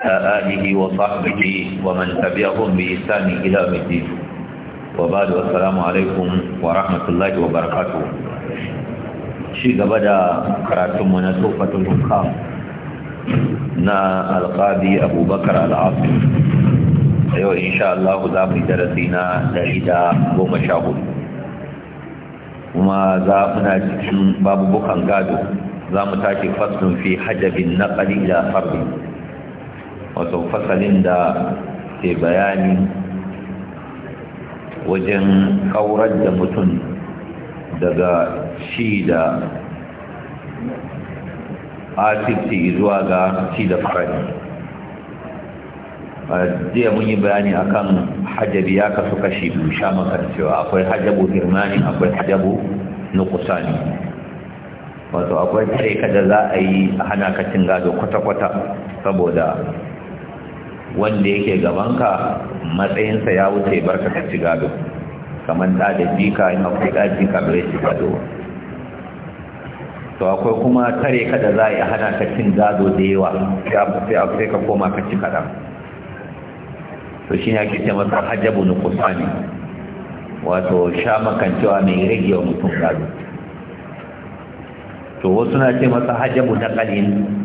آله وصحبه ومن تبعهم بإحسان إلى يوم الدين وبعد والسلام عليكم ورحمة الله وبركاته شيء بدا قرأتم من تحفة الحكام نا القاضي أبو بكر العاصم أيوة إن شاء الله ذا في درسنا لإذا قوم شاهد وما ذا منا باب بكر قادو ذا متاكي فصل في حجب النقل إلى فرد wato fasalin da ke bayani wajen kaurar da mutum daga shi da asibiti zuwa ga shi da farai. A jiya mun yi bayani akan hajjabi ya kasu kashi biyu sha cewa akwai hajjabu girmani akwai hajjabu ne. wato akwai tsare kada za a yi a hana kacin gado kwata-kwata saboda wanda yake gabanka matsayinsa ya wuce barka ka ci gado kamar da da jika in akwai da jika bai ci gado to akwai kuma tare ka da za a hana ka cin gado da yawa sai ka koma ka ci kaɗan to shi ne ake ce masa hajjabu na kusani wato sha makancewa mai rage wa mutum gado to wasu na ce masa hajjabu na ƙalin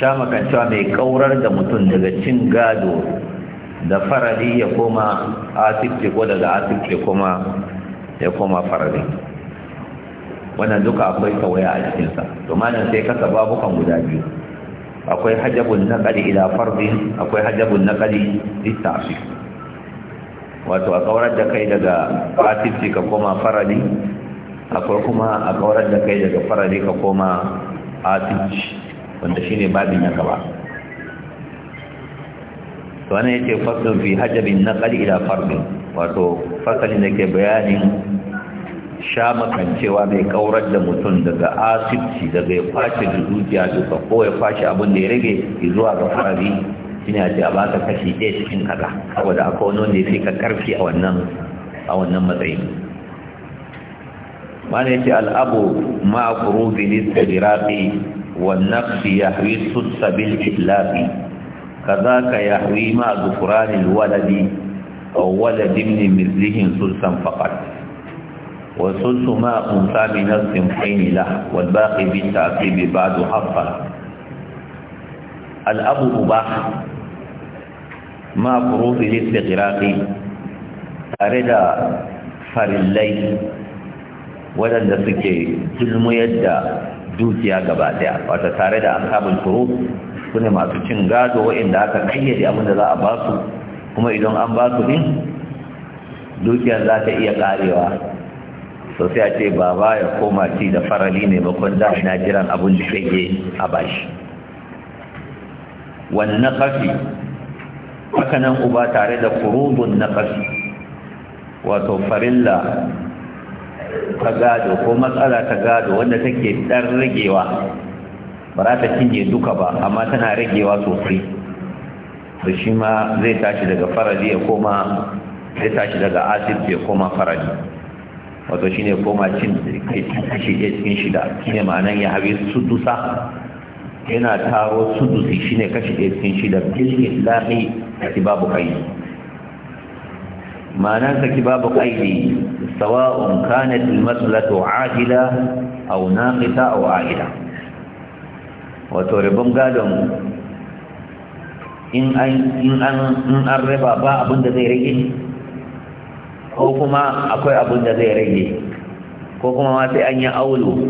sha makancewa mai kaurar da mutum daga cin gado da faradi ya koma asibiti ko daga asibiti kuma ya koma faradi. wannan duka akwai tawaya a cikinsa to malam sai kasa babu kan guda biyu akwai hajjabun naƙali ila fardin akwai hajjabun naƙali littafi wato a kaurar da kai daga asibiti ka koma faradi, akwai kuma a kaurar da kai daga faradi ka koma asibiti. wanda shi ne babin ya gaba to ana yace faslun fi na ƙari ila fardin wato fasalin da ke bayanin sha makancewa mai kaurar da mutum daga asibiti daga ya kwace zuciya duka ko ya kwace abin da ya rage zuwa ga farari shine a ce a baka kashi ɗaya cikin kaza saboda akwai wani wanda ya fi ka karfi a wannan a wannan matsayi mana yace al'abu bilis da istiraqi والنقص يحوي السدس بالإطلاق كذاك يحوي ما ذكران الولد أو ولد ابن مثله سدسا فقط وسدس ما أنثى من الصنفين له والباقي بالتعقيب بعد حقا الأب مباح ما فروض الاستغراق أرد فرلي ولن تسكي تلميد dukiya gaba daya wata tare da asabul furu su ne masu cin gado waɗanda aka kayyade abin da za a ba su kuma idan an ba su din dukiya za ta iya karewa so sai a ce baba ya koma ci da farali bakon da ina jiran abin da kake a bashi wannan kafi haka nan uba tare da furudun na kafi wato farilla ta gado ko matsala ta gado wanda take dan ragewa ba za ta cinye duka ba amma tana ragewa sosai to shi ma zai tashi daga faradi ya koma zai tashi daga asib ya koma faradi wato shi ne koma cin kashi ɗaya cikin shida shi ne ma'anan ya habi sudusa yana taro sudusi shi ne kashi ɗaya cikin shida bilin lafi a babu kai معناه كباب قيدي سواء كانت المسألة عاجلة أو ناقصة أو Wato وتوربون gadon, in an raba ba abin da zai rage ko kuma akwai abin da zai rage ko kuma ma sai an yi aulu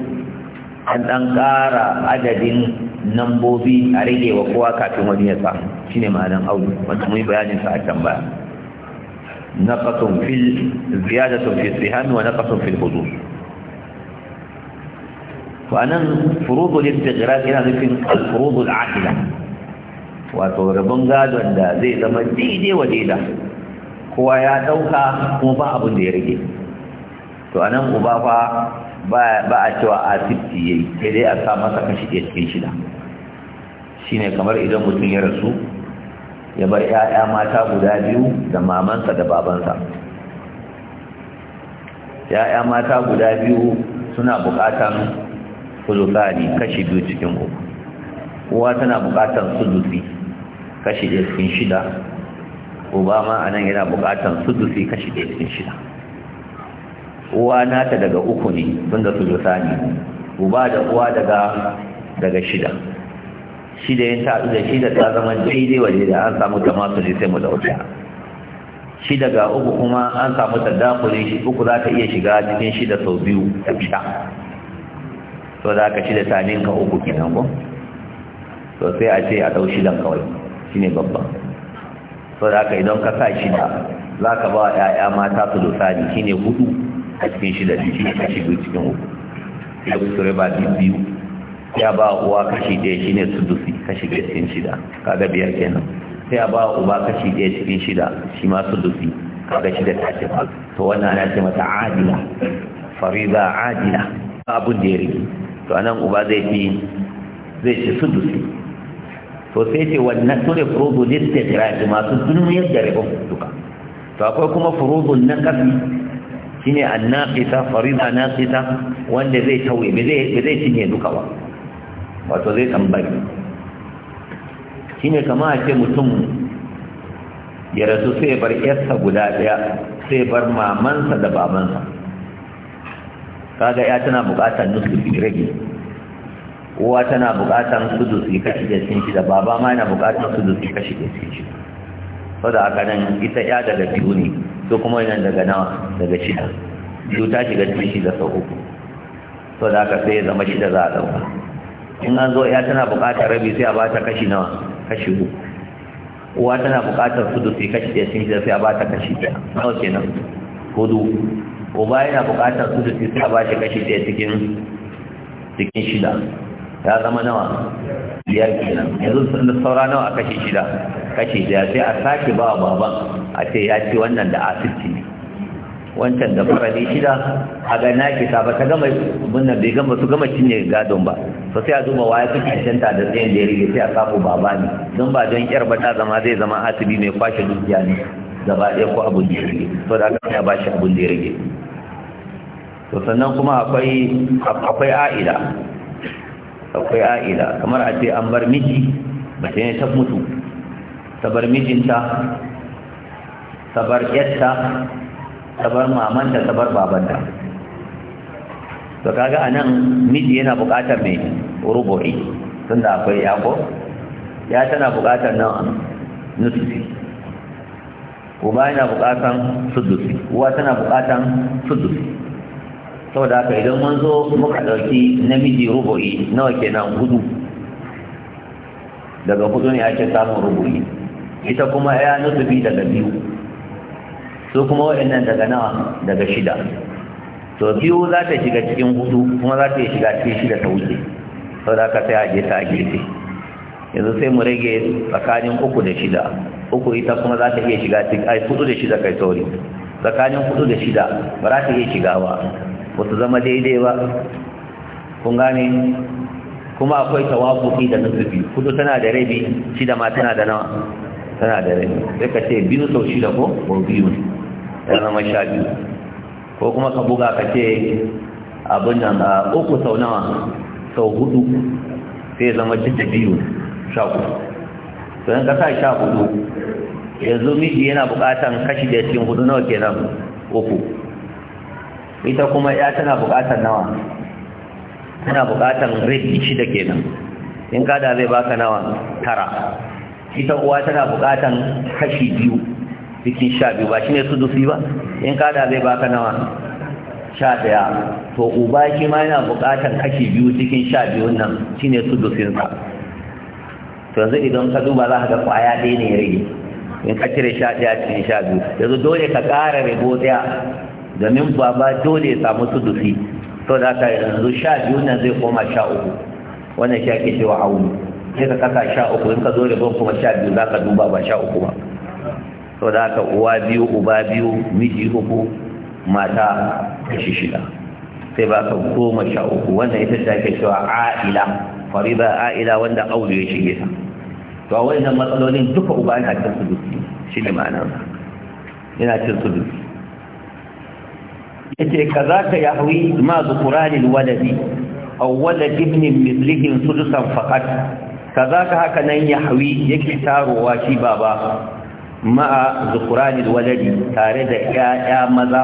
an ɗan ƙara adadin nambobi a rage wa kowa kafin wani ya samu shi ne ma'anin aulu wanda mun yi bayaninsa a can baya نقص في زيادة في السهام ونقص في الحدود وأنا فروض الاستغراق هنا نفهم الفروض العادلة وتوربون قادوا أن زي زما ديدي وديدة هو يا دوكا مبا أبو ديرجي وأنا مبا ba a cewa a tifti yayi sai dai a sa masa kashi ɗaya cikin shida shine kamar idan mutum ya rasu ya bar 'ya'ya mata guda biyu da mamansa da babansa 'ya'ya mata guda biyu suna buƙatan sulusani kashi biyu cikin uku uwa tana buƙatan sulusi kashi ɗaya cikin shida uba ma a nan yana buƙatan sulusi kashi ɗaya cikin shida uwa nata daga uku ne tun da sulusani uba da uwa daga daga shida shi da yin taɗu da shi da ta zama daidai waje da an samu tamasu ne sai mu dauka shi daga uku kuma an samu tadakuli shi uku za ka iya shiga cikin shi da sau biyu ta fita to za ka shi da tanin ka uku kenan ko to sai a ce a dau shi dan kawai shine babba to za ka idan ka sa shi da za ka ba ya'ya mata su ni, shine hudu a cikin shi da shi ne shi biyu cikin uku sai ku ba biyu ya ba uwa kashi ɗaya shine dusi kashi ɗaya cikin shida kaga biyar kenan sai a ba uba kashi ɗaya cikin shida shi ma k'a kaga shida ta ce to wannan ana ce mata adila fariza adila abun da ya rike to anan uba zai ci zai ci sulusi to sai ce wannan sune furudu listifiraji masu duniyar da rikon duka to akwai kuma furudun na kafi shine annaqita fariza naqita wanda zai tauye ba zai cinye duka ba wato zai tambari. shine kama a ce mutum ya rasu sai bar yarsa guda ɗaya sai bar mamansa da babansa kaga ya tana buƙatar nusufi rage uwa tana buƙatar yi kashi da sun da baba ma yana buƙatar yi kashi da sun so da aka nan ita ya daga biyu ne to kuma yana daga nawa daga shida biyu ta shiga cikin shida sau uku da aka sai ya zama shida za a ɗauka in an zo ya tana buƙatar rabi sai a ba ta kashi nawa kashi uku uwa tana buƙatar su sai kashi ɗaya sun sai a ba ta kashi ɗaya nawa nan, hudu uba yana buƙatar su sai a ba kashi ɗaya cikin cikin shida ya zama nawa biyar kenan yanzu sun da saura nawa a kashi shida kashi ɗaya sai a sake ba wa baban a ce ya ce wannan da asibiti ne wancan da farali shida a ga na kisa ba ta gama bunnan bai gama su gama cinye gadon ba so sai a duba waya su cancanta da tsayin da ya rige sai a samu baba ne don ba don kyar ba ta zama zai zama asibi mai kwashe dukiya ne gaba ɗaya ko abin da ya rige so da aka ya ba shi abin da ya rige to sannan kuma akwai akwai a'ila akwai a'ila kamar a ce an bar miji mace ne ta mutu ta bar mijinta ta bar yatta ta bar mamanta ta bar babanta to kaga anan miji yana buƙatar mai rubu'i tunda akwai yako ya tana buƙatar nan nusufi uba yana buƙatar sudusi uwa tana buƙatar sudusi saboda haka idan mun zo muka ɗauki namiji rubu'i nawa kenan hudu daga hudu ne ake samun rubu'i ita kuma ya nusufi daga biyu su kuma waɗannan daga nawa daga shida to biyu za ta shiga cikin hudu kuma za ta shiga cikin shida ta wuce sau da aka sai a je ta a gefe yanzu sai mu rage tsakanin uku da shida uku ita kuma za ta iya shiga cikin ai hudu da shida kai sauri tsakanin hudu da shida ba za ta iya shiga ba ba su zama daidai ba kun gane kuma akwai tawafuki da nufufi hudu tana da rabi shida ma tana da nawa tana da rabi. sai ka ce biyu sau shida ko ko biyu ne ya zama sha biyu ko kuma ka buga ka ce abin nan a uku sau nawa sau hudu sai ya zama cikin biyu sha hudu to yan kasa sha hudu yanzu miji yana bukatan kashi da cikin hudu nawa kenan uku ita kuma ya tana bukatan nawa tana bukatan rabi shida kenan in kada zai baka nawa tara ita uwa tana bukatan kashi biyu cikin sha biyu ba su dufi ba in kada zai baka nawa sha daya to uba shi ma yana buƙatar kashi biyu cikin sha biyu nan su sudusin sa to yanzu idan ka duba za ka ga kwaya ɗaya ne ya rage in ka cire sha daya cikin sha biyu yanzu dole ka ƙara rabo ɗaya domin baba dole ya samu dufi to da ka yanzu sha biyu nan zai koma sha uku wannan shi ake cewa hawu sai ka kasa sha uku in ka zo rabon kuma sha biyu za ka duba ba sha uku ba sau da haka uwa biyu uba biyu miji uku mata kashi shida sai ba ka goma sha uku wannan ita ta ke cewa a'ila fariba a'ila wanda aure ya shige ta to a wannan matsalolin duka uba yana cin su duki shi ne ma'anar yana cin su duki yace kaza ka yahwi ma zukuranil waladi aw walad ibn mithlihi sudusan faqat kaza ka haka nan yahwi yake tarowa shi baba ma'a zukuranil waladi tare da ya'ya maza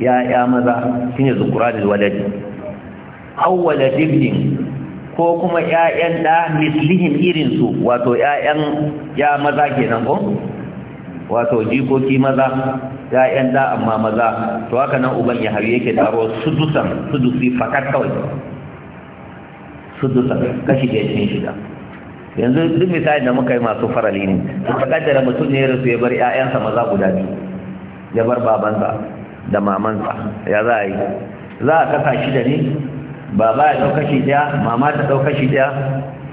ya'ya maza shine zukuranil waladi awwala dibnin ko kuma ƴaƴan da mislihim irin su wato ƴaƴan ya maza kenan ko wato jikoki maza ƴaƴan da amma maza to haka nan uban ya hawi yake taro su dusi fakat kawai dusan, kashi da shi shida yanzu duk misali da muka yi masu farali ne ta kaddara mutum ne ya rasu ya bar 'ya'yansa maza guda biyu ya bar babansa da mamansa ya za a yi za a kasa shida ne baba ya ɗauka shi ɗaya mama ta ɗauka shi ɗaya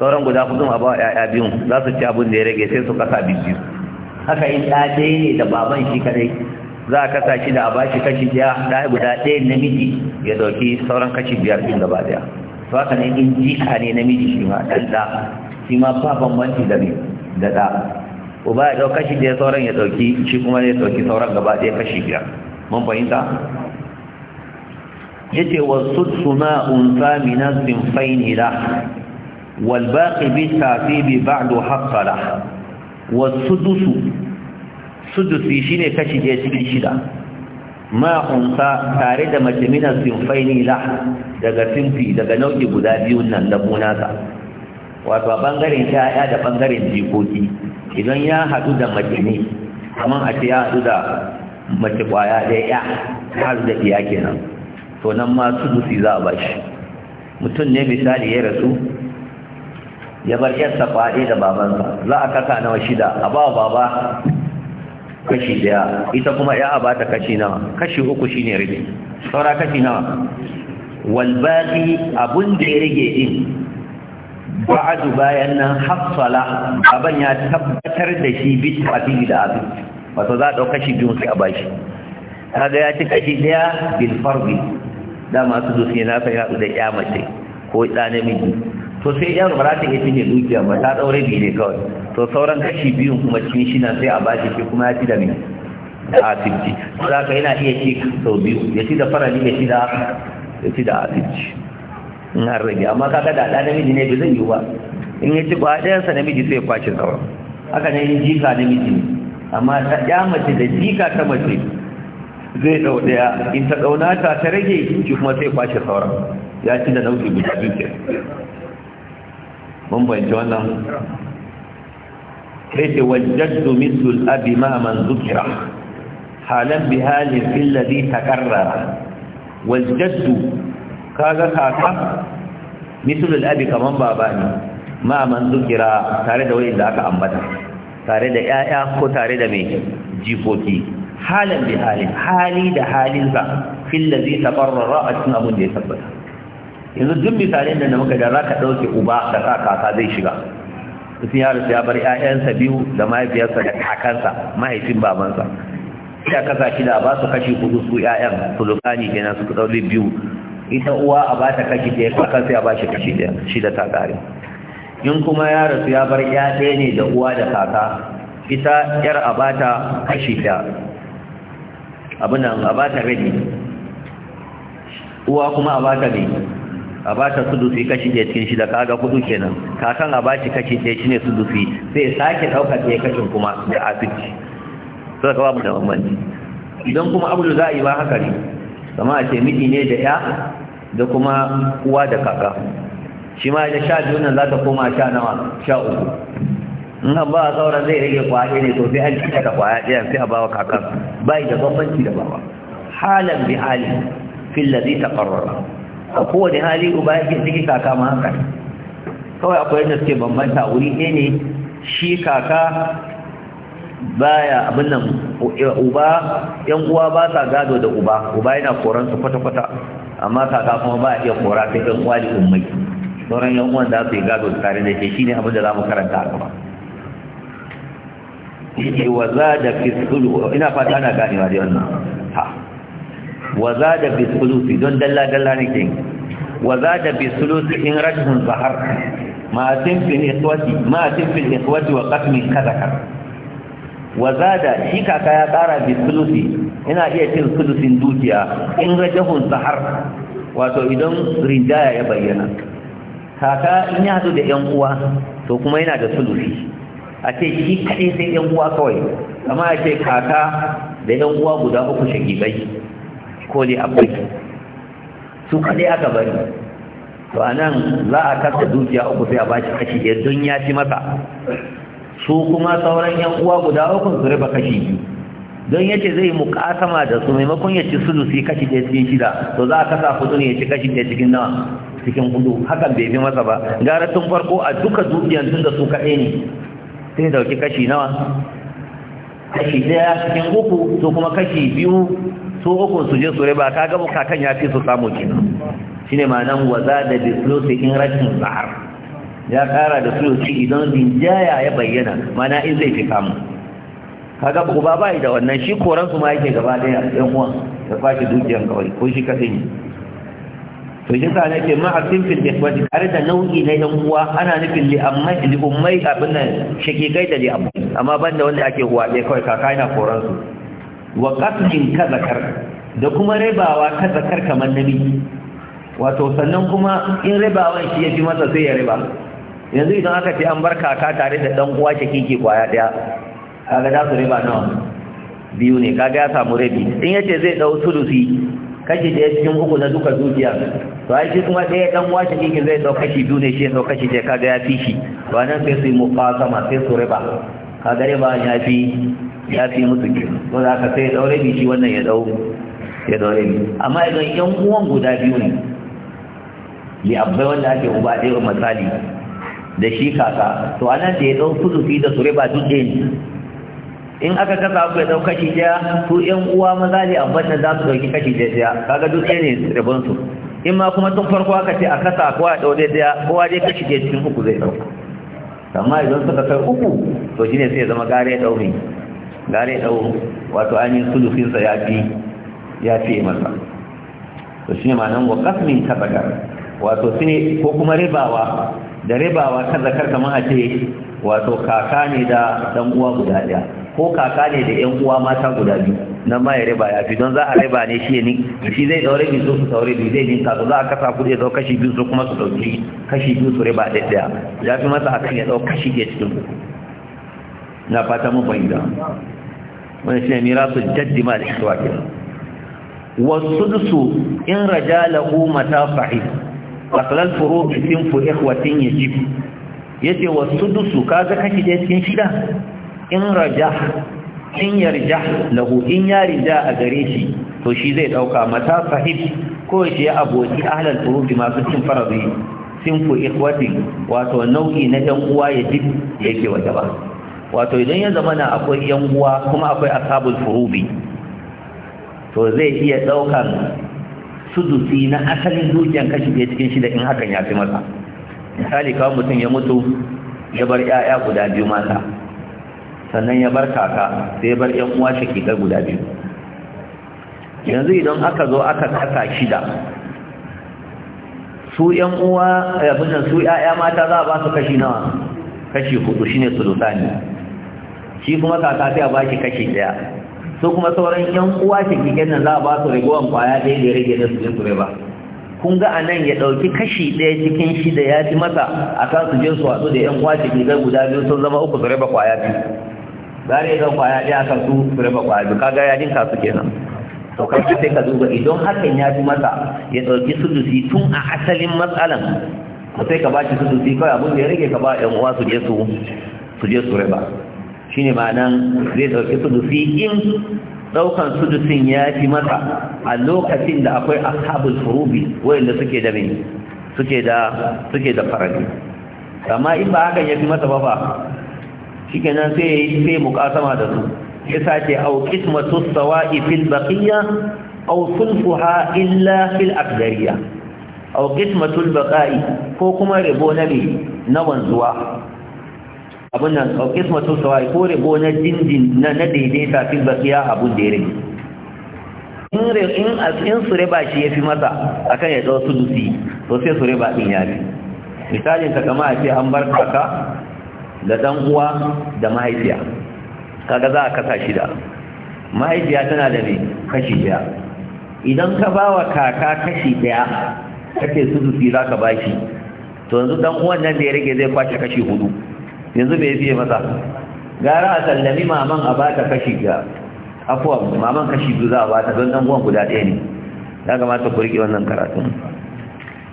sauran guda kudin a bawa 'ya'ya biyun za su ci abin da ya rage sai su kasa biyu haka in ɗa ɗaya ne da baban shi kadai za a kasa shi da a bashi kashi ɗaya ɗaya guda ɗaya namiji ya ɗauki sauran kashi biyar ɗin gaba ɗaya to haka ne in jika ne namiji shi ma ɗan ɗa shi ma ba bambanci da ne da ɗa uba ya ɗau kashi ɗaya sauran ya ɗauki shi kuma ya ɗauki sauran gaba ɗaya kashi biyar mun fahimta yace wasuddu ma'un samina sinfaini la wal baqi bi tafibi ba'du haqqala wasudusu sudusi shine kashi ɗaya cikin shida ma'un sa tare da mace mina sinfaini la daga sinfi daga nau'i guda biyun nan da bunaka wato a bangaren ya'ya da bangaren jikoki idan ya haɗu da mace ne kamar a ce ya haɗu da mace ƙwaya da ya har da iya kenan to nan ma dusi za a ba shi mutum ne misali ya rasu ya bar yarsa kwaɗe da babansa za a kasa nawa shida a ba baba kashi daya ita kuma ya ba ta kashi nawa kashi uku shine rabi saura kashi nawa walbaki abun da ya rage din ba'adu bayan nan hafsala abin ya tabbatar da shi bi tafi da abin wato za a ɗauka shi biyu sai a bashi kaga ya ci kashi ɗaya bil farbi dama su zo sai na sai haɗu da ya mace ko ɗa namiji to sai yan ba ta iya cinye dukiya ba ta ɗaure biyu ne kawai to sauran kashi biyun kuma cikin shi na sai a bashi ke kuma ya ci da mai A asibiti za ka yana iya ci sau biyu ya ci da farali ya ci da asibiti in rage amma kaga da ɗan namiji ne bai zai yiwu ba in ya ci kwa ɗayansa namiji sai ya kwace sauran haka ne yin jika namiji ne amma ta ɗaya mace da jika ta mace zai ɗau ɗaya in ta ɗaunata ta rage shi kuma sai kwace sauran ya ci da nauki guda biyu ke mun bayanci wannan sai ce domin sun abi ma man zukira halan bi halin fil ladhi taqarrara wajjaddu kaga kaka misalul abi kaman baba ne ma man zukira tare da da aka ambata tare da yaya ko tare da mai jikoki halan bi halin hali da halinsa fil ladhi taqarrara asma cikin abin da ya tabbata yanzu duk misalin da muka da zaka dauke uba da kaka zai shiga mutum ya rasu ya bar ƴaƴansa biyu da mahaifiyarsa da kakansa mahaifin babansa ya kasa shida ba su kashi kudu su ƴaƴan sulukani kenan su kudu biyu ita uwa a ba ta kashi ɗaya kaka sai a ba shi kashi ɗaya shi da ta ƙare in kuma ya rasu ya bar ya ɗaya ne da uwa da kaka ita yar a ba ta kashi ɗaya abinan nan a ba ta rabi uwa kuma a ba ta ne a ba ta fi kashi ɗaya cikin shida kaga kudu kenan kakan a ba shi kashi ɗaya shine fi sai sake ɗaukar ɗaya kashin kuma da asibiti sai ka ba mu da bambanci idan kuma abu da za a yi ba haka ne sama a ce miji ne da ya da kuma uwa da kaka shi ma da sha biyu nan za ta koma sha nawa sha uku in an ba sauran zai rage kwaye ne to sai an cika da kwaya ɗaya sai a bawa kakan bai da bambanci da bawa halan bi hali fil ladhi taqarrara a kowane hali uba yake cikin kaka ma haka kawai akwai yadda suke bambanta wuri ɗaya ne shi kaka baya abin nan uba yan uwa ba sa gado da uba uba yana koransu kwata-kwata amma kaka kuma ba a iya kora sai ɗan uwa da ummai sauran yan uwan za su yi gado tare da shi ne abin da za mu karanta a gaba wa Waza da fiskulu ina fata ana ganewa da wannan ha waza da da fi don dalla dalla ne ke Waza da da fi in rajin zahar ma tinfil ikhwati ma tinfil ikhwati wa kasmin kaza wa Waza da shi kaka ya kara fisulu yana iya cin sudusin dukiya in rajahun sahar wato idan rinjaya ya bayyana kaka in ya hadu da yan uwa to kuma yana da sudusi a ce shi kaɗai sai yan uwa kawai amma a ce kaka da yan uwa guda uku shagibai ko ne abai su kaɗai aka bari to a nan za a kasa dukiya uku sai a ba shi kashi ɗaya don ya ci masa su kuma sauran yan uwa guda uku su riba kashi biyu don yace zai mukasama da su maimakon ya ci sulusi kashi ɗaya cikin shida to za a kasa hudu ne ya ci kashi ɗaya cikin nawa cikin hudu hakan bai fi masa ba gara tun farko a duka dukiyan tun da su kaɗai ne sai dauki kashi nawa kashi ɗaya cikin uku to kuma kashi biyu su uku su je su riba ka gabu kakan ya fi su samu kenan shine ma'anan waza da bisulusi in rashin zahar ya kara da sulusi idan zinjaya ya bayyana mana in zai fi samu kaga ba bai da wannan shi koran su ma yake gaba daya ɗan uwan da kwashi dukiyar kawai ko shi kadai ne to shi sa nake ma asin fil ikhwati kare da nau'i na yan uwa ana nufin li amma li ummai abin nan kai da li amma amma banda wanda ake uwa dai kawai kaka yana koran su wa qatlin ka zakar da kuma rabawa ka zakar kamar nabi wato sannan kuma in rabawan shi ya fi masa sai ya riba yanzu idan aka ce an bar kaka tare da dan uwa ke kwaya daya kaga za su riba nawa biyu ne kaga ya samu rabi in yace zai dau sulusi kashi da cikin uku na duka dukiya to ai shi kuma ɗaya dan washe kike zai dau kashi biyu ne shi dau kashi da kaga ya fi shi to anan sai su yi muqasama sai su riba kaga riba ya fi ya fi musu ki to za ka sai dau rabi shi wannan ya dau ya dau rabi amma idan yan uwan guda biyu ne li Abba wanda ake uba wa misali da shi kaka to anan da ya dau sulusi da su riba duk ɗaya in aka kasa ku ya dau kashi daya to ɗan uwa maza ne a da za su dauki kashi daya kaga duk ne rabon su in ma kuma tun farko aka ce a kasa ko a ɗaure daya kowa dai kashi daya cikin uku zai dauka amma idan suka kai uku to shine sai ya zama gare dau ne gare dau wato ainihin sulusin sa ya fi ya fi masa to shine nan wa qasmin tabaka wato shine ko kuma ribawa da ribawa kan zakar kamar a ce wato kaka ne da dan uwa guda daya ko kaka ne da yan uwa mata guda biyu nan ma ya riba ya fi don za a riba ne shi ne shi zai daure bi su saure bi zai ninka su za a kasa kuɗi zo kashi biyu su kuma su dauki kashi biyu su riba ɗaya ɗaya ya fi masa akan ya zo kashi ke cikin uku na fata mun fahimta wani shi ne mira su jaddi ma da shi wa kenan wasu dusu in raja lahu mata fahi asalal furu bisin fu ikhwatin yajib yace wasu ka kaga kashi da cikin shida in raja in yarja lahu in ya rija a gare shi to shi zai dauka mata sahib ko shi ya aboki ahlal furuji masu cin farazi ku ikhwati wato nau'i na yan uwa ya dib yake wata ba wato idan ya zama na akwai yan uwa kuma akwai ashabul furubi to zai iya daukan sudusi na asalin dukiyar kashi ɗaya cikin da in hakan ya fi masa misali kawai mutum ya mutu ya bar 'ya'ya guda biyu mata sannan ya bar kaka sai bar yan uwa kika guda biyu yanzu idan aka zo aka kasa shida su yan uwa abin su yaya mata za a ba su kashi nawa kashi hudu shine su sulusani shi kuma kaka sai a ba shi kashi daya su kuma sauran yan uwa shakikai nan za a ba su rigowan kwaya ɗaya da ya rage da su yin su ba kun ga anan ya ɗauki kashi ɗaya cikin shida ya fi masa a kan su je su watsu da ‘yan kwace gidan guda biyu sun zama uku su raba kwaya biyu zare zan kwaya ɗaya kan su su raba kwaya biyu kaga yadin dinka su kenan to kan sai ka duba idan hakan ya fi masa ya ɗauki sulusi tun a asalin matsalan ko sai ka ba shi sulusi kawai abin da ya rage ka ba ɗan uwa su je su su je su reba shine ma'anan zai ɗauki sulusi in daukan sudusin ya fi masa a lokacin da akwai ashabul furubi wanda suke da me suke da suke da farali amma in ba hakan ya fi masa ba ba shikenan sai yi sai muqasama da su yasa ce au qismatu sawa'i fil baqiyya au sulfuha illa fil aqdariyya aw qismatul baqa'i ko kuma rabo na me na wanzuwa Abun nan au qismatul sawa'i ko rabo na dindin na na daidaita fil baqiyya abun da in re in asin su ba shi yafi masa akan ya dau sudusi to sai su ba din fi. misalin ta kama a ce an bar ka da dan uwa da mahaifiya kaga za a kasa shida mahaifiya tana da ne kashi daya idan ka ba wa kaka kashi daya kake sudusi za ka bashi to yanzu dan uwan nan da ya rage zai kwace kashi hudu yanzu me fiye masa gara a sallami maman a ta kashi ga afuwa maman kashi biyu za a ba ta don dan uwan guda ɗaya ne ya kamata ku rike wannan karatun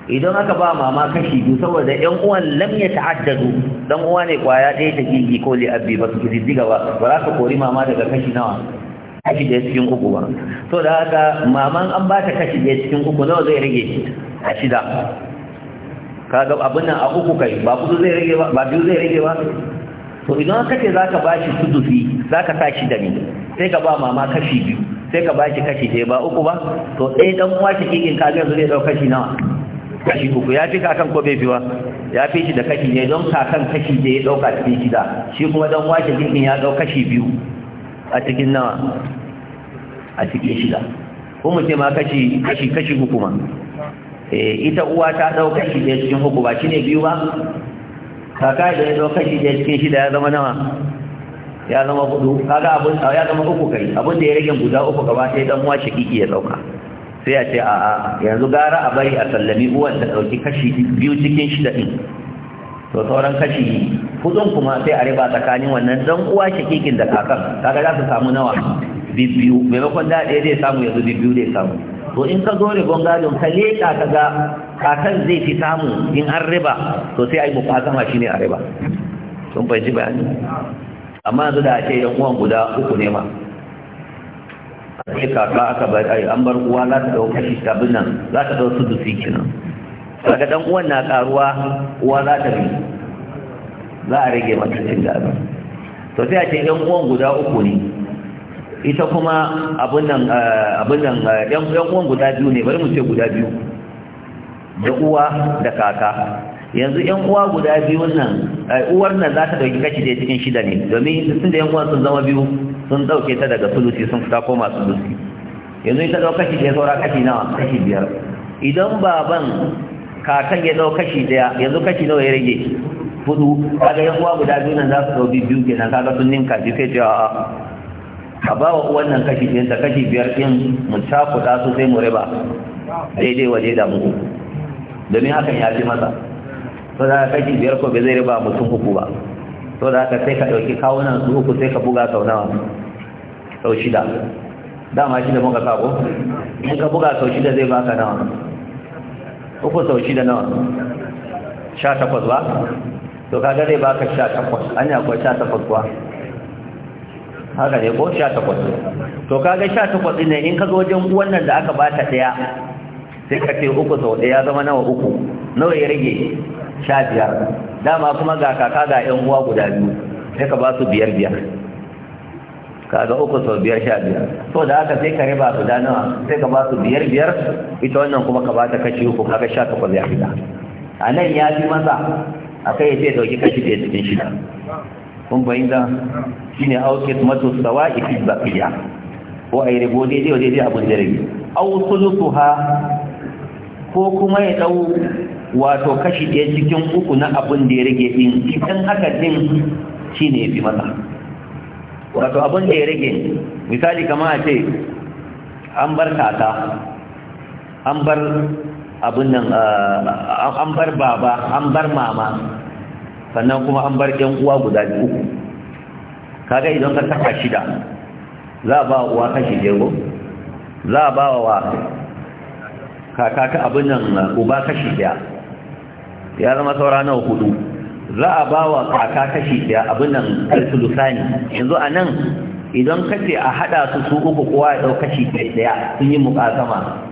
idan aka ba mama kashi biyu saboda yan uwan lam ya ta'addadu dan uwa ne kwaya ɗaya ta gigi ko li abbi ba su diga ba ba za ka kori mama daga kashi nawa kashi ɗaya cikin uku ba so da haka maman an ba ta kashi ɗaya cikin uku nawa zai rage a shida kaga abin nan a uku kai ba kudu zai rage ba biyu zai rage ba to idan aka ce ba bashi sudufi ka sa shi da ni sai ka ba mama kashi biyu sai ka bashi kashi ɗaya ba uku ba to ɗaya ɗan uwa shi kikin kaga yanzu zai ɗau kashi nawa kashi uku ya fi kakan ko bai wa? ya fi shi da kashi ne don kakan kashi da ya ɗauka cikin shida shi kuma don washe jirgin ya dauka kashi biyu a cikin nawa a cikin shida ko mu ce ma kashi kashi kashi uku ma eh, ita uwa ta dauka kashi da cikin uku ba shine biyu ba kaka da ya dauka kashi da cikin shida ya zama nawa ya zama hudu kaga abun ya zama uku kai abun da ya rage guda uku gaba sai dan wace shakiki ya ɗauka sai a ce a'a yanzu gara a bari a sallami uwan da ɗauki kashi biyu cikin shida ɗin to sauran kashi hudun kuma sai a riba tsakanin wannan dan uwa shakikin da kakan kaga za su samu nawa biyu maimakon da ɗaya zai samu yanzu biyu zai samu to in ka zo ribon gadon ka leƙa ka ga kakan zai fi samu in an riba to sai a yi mukwasama shi ne a riba sun fahimci bayani amma yanzu da a ce yan uwan guda uku ne ma sai kaka aka bai ai an bar uwa za ta dauka shi ta nan za ta dauka su kenan daga dan uwan na karuwa uwa za ta bi za a rage mata cin gaba to sai a ce yan uwan guda uku ne ita kuma abin nan eh, abin nan eh, yan uwan guda biyu ne bari mu ce guda biyu da uwa da kaka yanzu yan uwa guda biyu nan eh, uwar nan za ta dauki kashi da cikin shida ne domin sun da yan uwan sun zama biyu sun dauke ta daga sulusi sun fita koma sulusi yanzu ita dau kashi ɗaya saura kashi nawa kashi biyar idan baban kakan ya dau kashi ɗaya yanzu kashi nawa ya rage hudu kaga yan uwa guda biyu nan za su dau biyu kenan kaga sun ninka ji sai ce a'a a ba wa uwan nan kashi ɗin ta kashi biyar ɗin mu cakuɗa su sai mu riba daidai waje da mu domin hakan ya fi masa ko da kashi biyar ko bai zai riba mutum uku ba to da haka sai ka ɗauki kawunan su uku sai ka buga sau nawa sau shida dama shi da muka sako in ka buga sau shida zai baka nawa uku sau shida nawa sha takwas ba to kaga zai baka sha takwas an yakwa sha takwas kuwa haka ne ko sha takwas to kaga sha takwas ne in ka zo wajen wannan da aka bata daya sai ka ce uku sau ɗaya zama nawa uku nawa ya rage sha biyar dama kuma ga kaka ga yan uwa guda biyu sai ka ba su biyar biyar kaga uku sau biyar sha biyar so da haka sai ka riba su da nawa sai ka ba su biyar biyar ita wannan kuma ka ba ta kashi uku kaga sha takwas ya fita a nan ya fi masa a kai sai dauki kashi ɗaya cikin shida kun fahimta shine aukit matu sawa ifi fiya ko a yi ribo daidai wa daidai abin da rage au ha? ko kuma ya ɗau? wato kashi ɗaya cikin uku na abin da ya rage ɗin cikin haka ɗin shi ne ya fi masa wato abin da ya rage misali kama a ce an bar tata an bar abin nan eh, an bar baba an bar mama sannan kuma an bar ɗan uwa guda uku kaga idan ka saka shida za a ba wa uwa kashi jego za a ba wa ta abin nan uba kashi ɗaya ya zama saura nawa hudu za a ba wa kaka kashi daya abin nan lusani. yanzu a nan idan kace a hada su su uku kowa ya dau kashi daya sun yi muƙasama,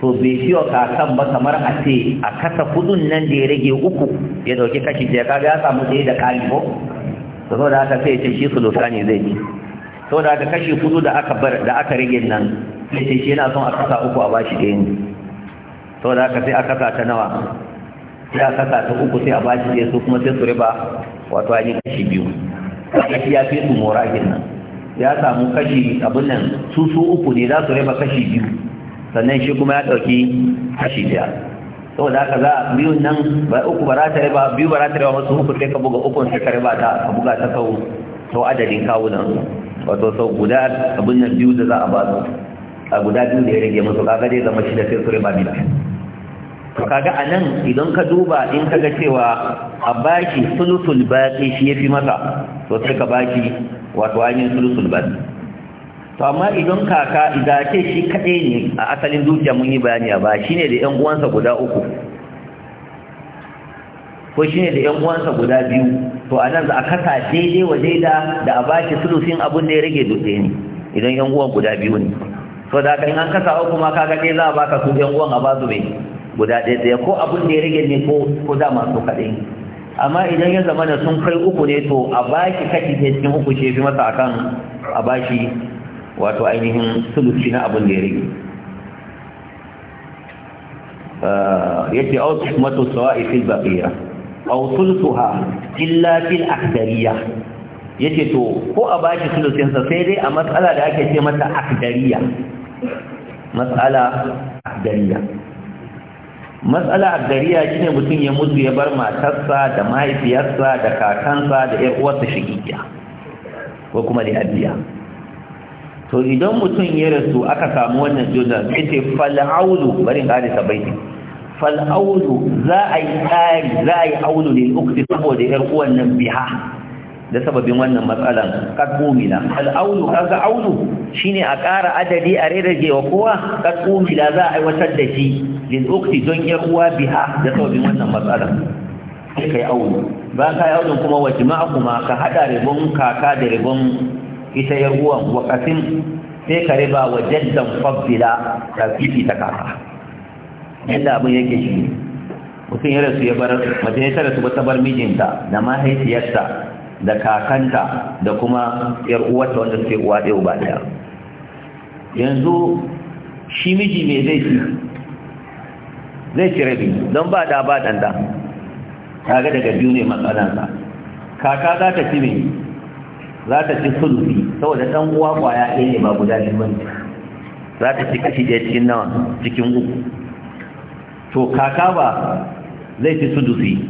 to bai fi wa kakan ba kamar a ce a kasa kudun nan da ya rage uku ya dauki kashi daya kaga ya samu ɗaya da kali ko saboda haka sai ya ce shi sulusani zai ji. saboda haka kashi kudu da aka bar da aka rage nan sai ce shi yana son a kasa uku a bashi ɗaya. ne saboda haka sai a kasa ta nawa ya kasa ta uku sai a bashi shi su kuma sai su riba wato a yi kashi biyu kashi ya fi su mora nan ya samu kashi abin nan su su uku ne za su riba kashi biyu sannan shi kuma ya ɗauki kashi biya saboda haka za a biyu nan ba uku ba za ta riba biyu ba za ta riba masu uku sai ka buga uku sai ka riba ta ka buga ta sau sau adadin kawunan wato sau guda abin nan biyu da za a ba su a guda biyu da ya rage masu kaga dai zama shi da sai su riba biyu to kaga anan idan ka duba in kaga cewa a bashi sulusul baki shi yafi masa to sai ka baki wato ainihin sulusul baki to amma idan kaka idan ce shi kadai ne a asalin dukiya mun yi bayani a ba shine da 'yan uwansa guda uku ko shine da 'yan uwansa guda biyu to nan za a kasa daidai wa daida da a bashi sulusin abin da ya rage dutse ne idan 'yan uwan guda biyu ne so da haka in an kasa uku ma kaga ɗaya za a baka su 'yan uwan a ba su bai guda ɗaya ɗaya ko abin da ya rage ne ko ko dama so kaɗai amma idan ya zama da sun kai uku ne to a baki kashi ne cikin uku ce fi masa akan a bashi wato ainihin sulusi na abin da ya rage ah, yace au hikmatu sawa'i fil baqiya aw ha? illa fil akdariyya yace to ko a baki sulusin sa sai dai a matsala da ake ce mata akdariyya matsala akdariyya matsala a gariya shine mutum ya mutu ya bar matarsa da mahaifiyarsa da kakansa da ƴar uwarsa shigigiya ko kuma da abiya to idan mutum ya rasu aka samu wannan juna ita fal'aulu barin ƙari sabaitin fal'aulu za a yi ƙari za a yi aulu ne ukti saboda 'yar uwan nan biha da sababin wannan matsalan kadumila al'aulu kaga aulu shine a ƙara adadi a rerage wa kowa kadumila za a aiwatar da shi lil ukti don yar uwa biha da sababin wannan matsalan kai aulu ba ka aulu kuma wa jima'a kuma ka hada ribon kaka da ribon ita yar uwan wa kasim sai ka riba wa jaddan faddila ta fifi ta kaka yadda abin yake shi mutum ya rasu ya bar majalisar da su rasu ba ta bar mijinta da mahaifiyarta da kakanta da kuma yar uwarta wanda suke uwa ɗaya uba ɗaya yanzu shi miji me zai ci zai ci rabi don ba da ba ɗanda kaga daga biyu ne matsalansa kaka za ta ci me za ta ci sulfi saboda ɗan uwa kwaya ɗaya ne ba guda ne bane za ta ci kashi ɗaya cikin nawa cikin uku to kaka ba zai ci sudufi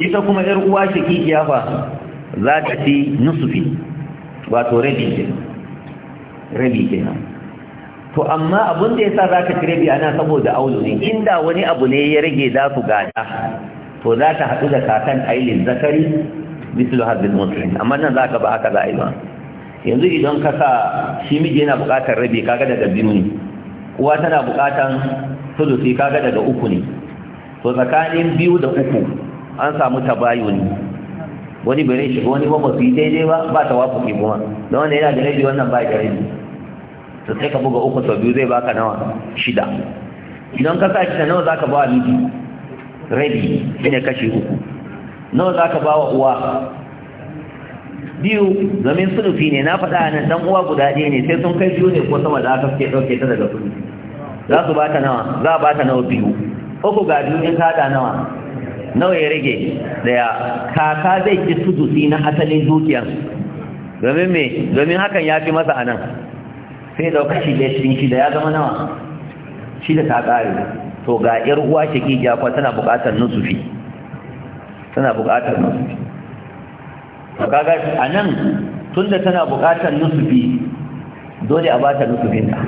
ita kuma yar uwa shakikiya ba za ta fi nusufi wato rabi ke rabi ke nan to amma abin da ya sa za ta fi rabi ana saboda aulu ne inda wani abu ne ya rage za su gada to za ta haɗu da kakan ailin zakari mislu hadin musulmi amma nan za ka ba haka za a yi ba yanzu idan ka sa shi miji yana buƙatar rabi kaga daga biyu ne uwa tana buƙatar sulusi kaga daga uku ne to tsakanin biyu da uku an samu tabayuni wani bai shiga wani ba su yi daidai ba ba ta wafu ke kuma da wanda yana da laifi wannan ba da laifi to sai ka buga uku sau biyu zai baka nawa shida idan ka sa shida nawa za ka ba wa miji rabi shine kashi uku nawa za ka ba wa uwa biyu domin sulufi ne na faɗa nan dan uwa guda ɗaya ne sai sun kai biyu ne ko sama da aka suke ɗauke ta daga sulufi za su ba ta nawa za a ba ta nawa biyu uku ga biyu in ka haɗa nawa nawa ya rage daya kaka zai ci si na asalin dukiyar domin me domin hakan ya fi masa anan sai dauka shi da cikin shi da ya zama nawa shi da ta kare to ga yar uwa shaki jakwa tana buƙatar nusufi tana buƙatar nusufi to kaga anan tunda tana buƙatar nusufi dole a bata nusufinta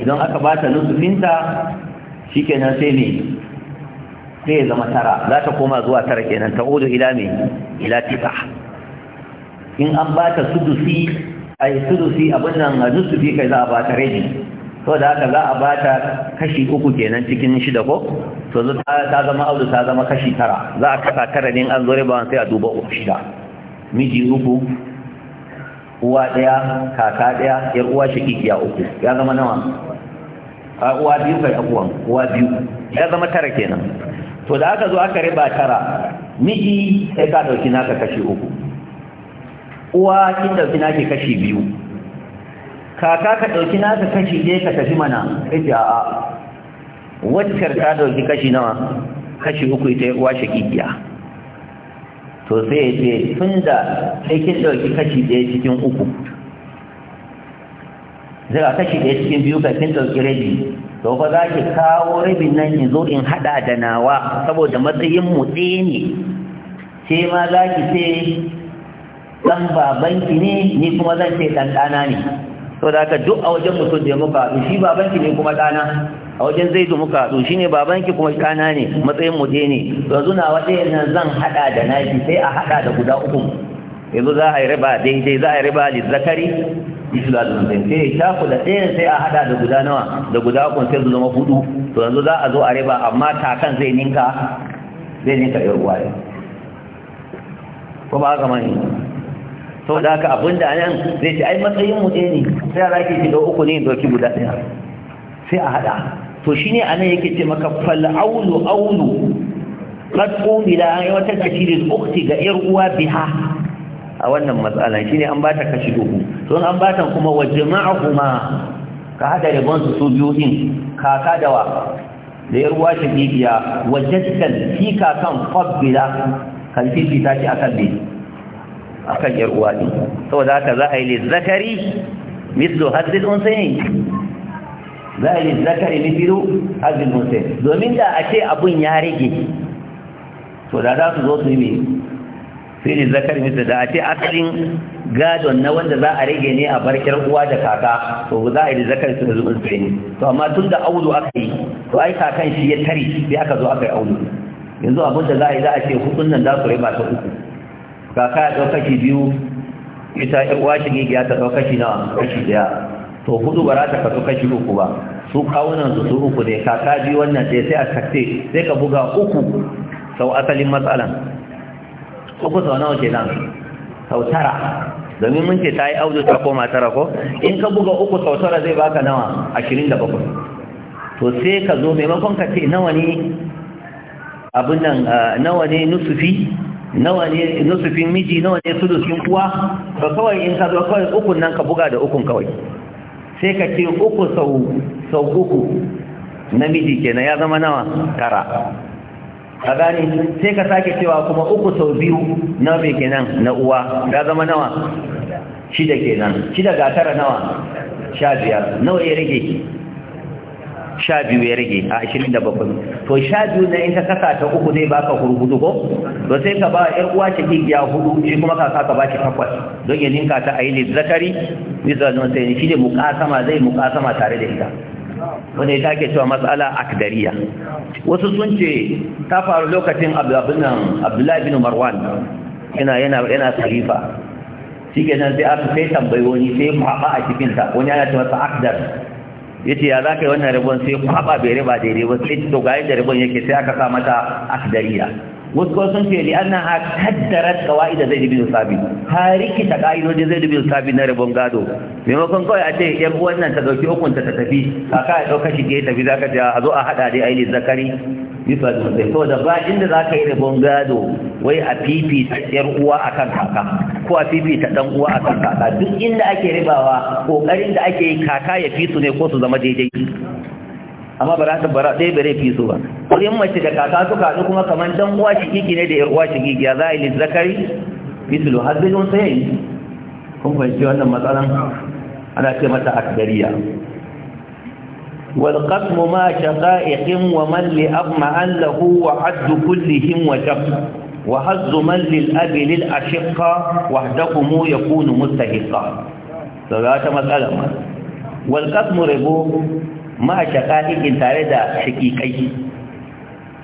idan aka bata nusufinta shikenan sai ne sai ya zama tara za ta koma zuwa tara kenan ta hudu ila me ila tisa in an ba ta sudusi ai sudusi abin nan a nusufi kai za a ba ta rabi to da haka za a ba ta kashi uku kenan cikin shida ko to ta zama audu ta zama kashi tara za a kasa tara ne an zo riba sai a duba uku shida miji uku uwa ɗaya kaka ɗaya yar uwa shakikiya uku ya zama nawa uwa biyu kai akuwan uwa biyu ya zama tara kenan to da aka zo aka riba tara miji sai ka ɗauki naka kashi uku uwa kin ɗauki naki kashi biyu kaka ka ɗauki naka kashi ɗaya ka tafi mana ita a'a waccar ka ɗauki kashi nawa kashi uku ita uwa shakiya to sai ya ce tun da sai kin ɗauki kashi ɗaya cikin uku zira kashi ɗaya cikin biyu ka kin ɗauki rabi to fa za ki kawo rabin nan in zo in haɗa da nawa saboda matsayin mu ɗaya ne ce ma za ki ce ɗan babanki ne ni kuma zan ce ɗan ɗana ne to da ka duk a wajen mutum da muka haɗu shi babanki ne kuma ɗana a wajen zai zaidu muka haɗu shi ne babanki kuma ɗana ne matsayin mu ɗaya ne yanzu na waɗayan nan zan haɗa da naki sai a haɗa da guda uku yanzu za a yi riba daidai za a yi riba lizzakari misla da zai sai ya shafu da ɗayan sai a hada da guda nawa da guda kun sai su zama hudu to yanzu za a zo a riba amma takan zai ninka zai ninka yar waye ko ba ka mani to da haka abinda anan zai ce ai matsayin mu ɗaya ne sai a raki shi da uku ne doki guda ɗaya sai a hada to shine anan yake ce maka fal aulu aulu qad qulila ay wata tashiri ukhti ga yar uwa biha a wannan matsala shine an bata kashi uku don an bata kuma wa jama'ahuma ka hada ribon su su biyu kaka da wa da yar uwa shaqiqiya wa jaddan fi kakan fadila kan fi ta ci akan bi akan yar uwa din saboda haka za a yi zakari mislu hadd unsayin za a yi zakari mislu hadd unsayin domin da a ce abun ya rage to da za su zo su yi fili zakari misali da a ce asalin gadon na wanda za a rage ne a barkar uwa da kaka to za a yi zakari su da zubin su ne to amma tun da audu aka yi to ai kakan shi ya tari sai aka zo aka yi audu yanzu abin da za a yi za a ce hudun nan za su riba ta uku kaka ya ɗaukaki biyu ita ya uwa shi ya ta ɗaukaki na kashi ɗaya to hudu ba za ta kasu kashi uku ba su kawunan su uku ne kaka biyu wannan ɗaya sai a kakte sai ka buga uku sau asalin matsalan uku sau nawa kenan sau tara domin mun ce ta yi audu ta koma tara ko in ka buga uku sau tara zai baka nawa ashirin da bakwai to sai ka zo maimakon ka ce nawa ne abin nan nawa ne nusufi nawa ne nusufin miji nawa ne sulusin kuwa ba kawai in ka zo kawai ukun nan ka buga da ukun kawai sai ka ce uku sau uku na miji kenan ya zama nawa tara A gane sai ka sake cewa kuma uku sau biyu na mai kenan na uwa ya zama nawa shida kenan shida ga tara nawa sha biyar nawa ya rage sha biyu ya rage a ashirin da bakwai to sha biyu na in ka kasa ta uku zai baka hurhudu ko to sai ka ba yar uwa ta gigiya hudu shi kuma kaka ka ba ki takwas don ya ninka ta ayi zakari misal nan sai shi ne muqasama zai muqasama tare da ita wanda ya sake cewa mas'ala akdariya wasu sun ce ta faru lokacin abdullahi bin marwan yana yana yana tarifa shi ke nan sai aka sai tambayi wani sai kwaba a cikinta wani ana cewa masa akdar ya ce ya za ka yi wannan rabon sai kwaba bai riba daidai ba sai to ga yadda rabon yake sai aka sa mata akdariya wasu kawai sun ce ana ha kaddarat qawaida zai bin sabit ha rikita ka'idodi zai dubin sabi na rabon gado maimakon kawai a ce yan uwan nan ta dauki hukun ta tafi kaka ya dauka shi ke tafi zaka ce a zo a hada dai aini zakari bisa da sai to da ba inda zaka yi rabon gado wai a fifi ta yar uwa akan kaka ko a fifi ta dan uwa akan kaka duk inda ake ribawa kokarin da ake yi kaka ya fi su ne ko su zama daidai amma ba za ta bara ɗaya bare fi so ba kurin mace da kaka suka haɗu kuma kamar dan uwa shigigi ne da yar uwa shigigi ya za a yi zakari mislu hazzin sai yi kun fahimci wannan matsalan ana ce mata akdariya wal qasmu ma shaqa'iqin wa man li abma an lahu wa addu kullihim wa shaq wa hazzu man lil abi lil ashiqa wahdakum yakunu mustahiqa to ga ta matsalan wal qasmu ribu ma shaqaqiqin tare da shaqiqai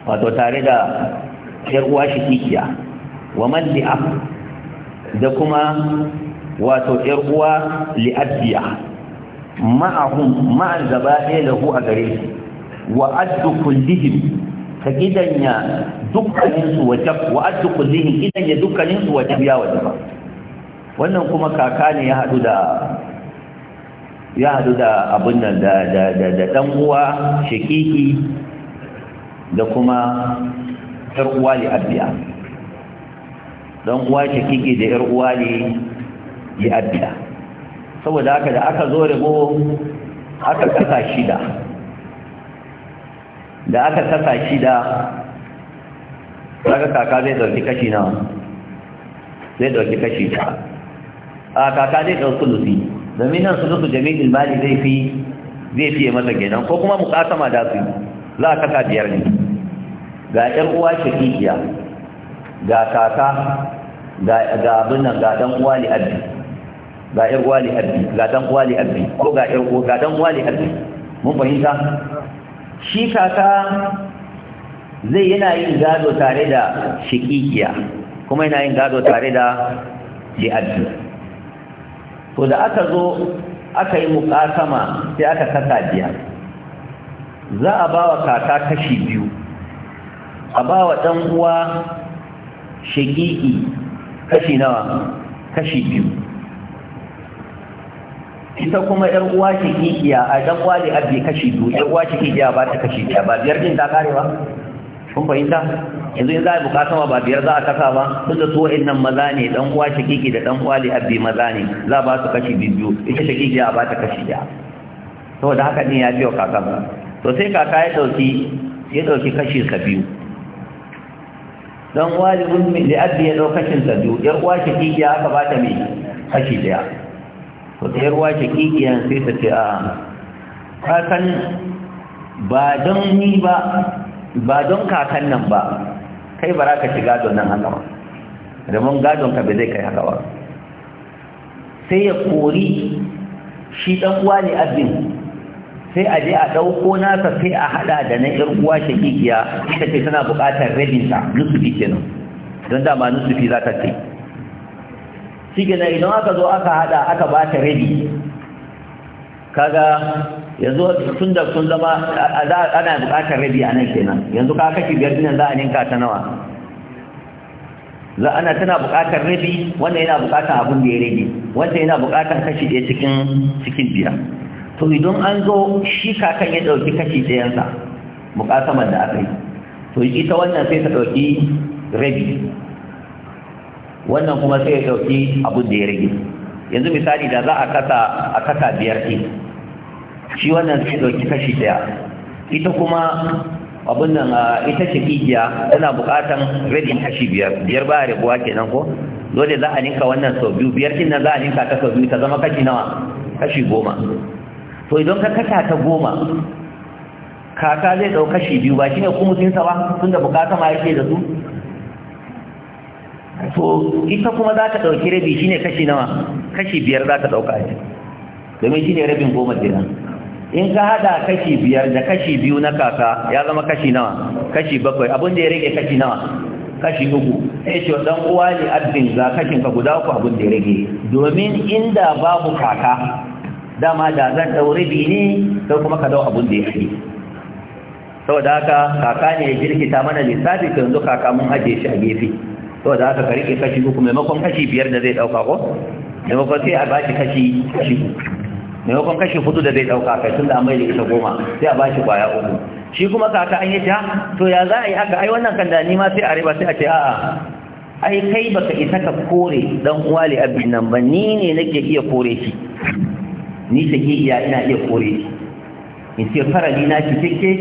wato tare da yar uwa shaqiqiya wa man li'ab da kuma wato yar uwa ma'an ma'ahum ɗaya zaba'i lahu a gare shi wa addu kullihim ta gidanya dukkanin su wajab wa addu kullihim gidanya dukkanin su wajab ya wajaba wannan kuma kaka ne ya haɗu da ya hadu da abin nan da da da da dan uwa shakiki da kuma yar uwa li abiya dan uwa shakiki da yar uwa li li abiya saboda haka da aka zo rabo aka kasa shida da aka kasa shida daga kaka zai dauki kashi na zai dauki kashi ta a kaka zai dauki lusi domin nan su zuku jami'in mali zai fi zai fiye masa kenan ko kuma mukasama da su za a kasa biyar ne ga ɗan uwa shakikiya ga kaka ga abin nan ga dan uwa li abbi ga ɗan uwa li ga ɗan uwa li ko ga ɗan uwa ga dan uwa li abbi mun fahimta shi kaka zai yana yin gado tare da shakikiya kuma yana yin gado tare da li to da aka zo aka yi mukasama sai aka kasa biya za a ba wa kaka kashi biyu a ba wa ɗan uwa shagigi kashi nawa kashi biyu ita kuma ‘yan uwa shagigiya a ɗan uwa ne abin kashi biyu ‘yan uwa shagigiya ba ta kashi biya ba biyar din ta karewa kun fahimta yanzu in za a bukata ba biyar za a kasa ba duk da su innan maza ne dan uwa shakiki da dan uwa li'abbi maza ne za ba su kashi biyu ita shakiki a ba ta kashi daya saboda haka ne ya biyo kakan to sai kaka ya dauki ya dauki kashi sa biyu dan uwa li'abbi ya dauki kashin sa biyu yar uwa shakiki aka ba ta me kashi daya to yar uwa shakiki sai ta ce a ka san ba don ni ba ba don kakan nan ba kai ba za ka ci gadon nan haka ba domin gadon ka bai zai kai haka ba sai ya kori shi ɗan uwa ne abin sai a je a ɗauko nasa sai a haɗa da na ɗan uwa shakikiya ita ce tana buƙatar rabinta nusufi kenan don dama nusufi za ta ce shi idan aka zo aka haɗa aka ba ta rabi kaga yanzu tun da sun zama ana bukatar rabi a nan kenan yanzu ka kake biyar dinan za a ninka ta nawa za ana tana bukatar rabi wanda yana bukatar abin da ya rage wanda yana bukatar kashi ɗaya cikin cikin biya to idan an zo shi kakan ya ɗauki kashi ɗayansa bukatamar da aka yi to ita wannan sai ta ɗauki rabi wannan kuma sai ya ɗauki abin da ya rage yanzu misali da za a kasa a kasa biyar ɗin shi wannan sai ɗauki kashi ɗaya ita kuma abin nan ita ce kijiya tana bukatan rabin kashi biyar biyar ba rabuwa kenan ko dole za a ninka wannan sau biyu biyar din nan za a ninka ta sau biyu ta zama kashi nawa kashi goma to idan ka kasa ta goma kaka zai ɗau kashi biyu ba shine kuma sun sawa sun da bukata ma yake da su to ita kuma za ta ɗauki rabi shine kashi nawa kashi biyar za ta ɗauka domin shine rabin goma kenan in ka hada kashi biyar da kashi biyu na kaka ya zama kashi nawa kashi bakwai abin da ya rage kashi nawa kashi uku sai eh ce dan uwa ne abin za kashin ka guda uku abin da ya rage domin inda babu kaka dama da zan daure bi ne sai kuma ka dau abin da ya rage saboda haka kaka ne ya jirkita mana lissafi ta yanzu kaka mun ajiye shi a gefe saboda haka ka rike kashi uku maimakon kashi biyar da zai dauka ko maimakon sai a baki kashi kashi uku maimakon kashi hudu da zai dauka kai tun da mai da ita goma sai a bashi kwaya uku shi kuma kaka an yi ta to ya za a yi haka ai wannan kan da ni ma sai a riba sai a ce a'a ai kai baka isa ka kore dan uwa li abin nan ba ni ne nake iya kore shi ni take iya ina iya kore shi in ce ni na ci kike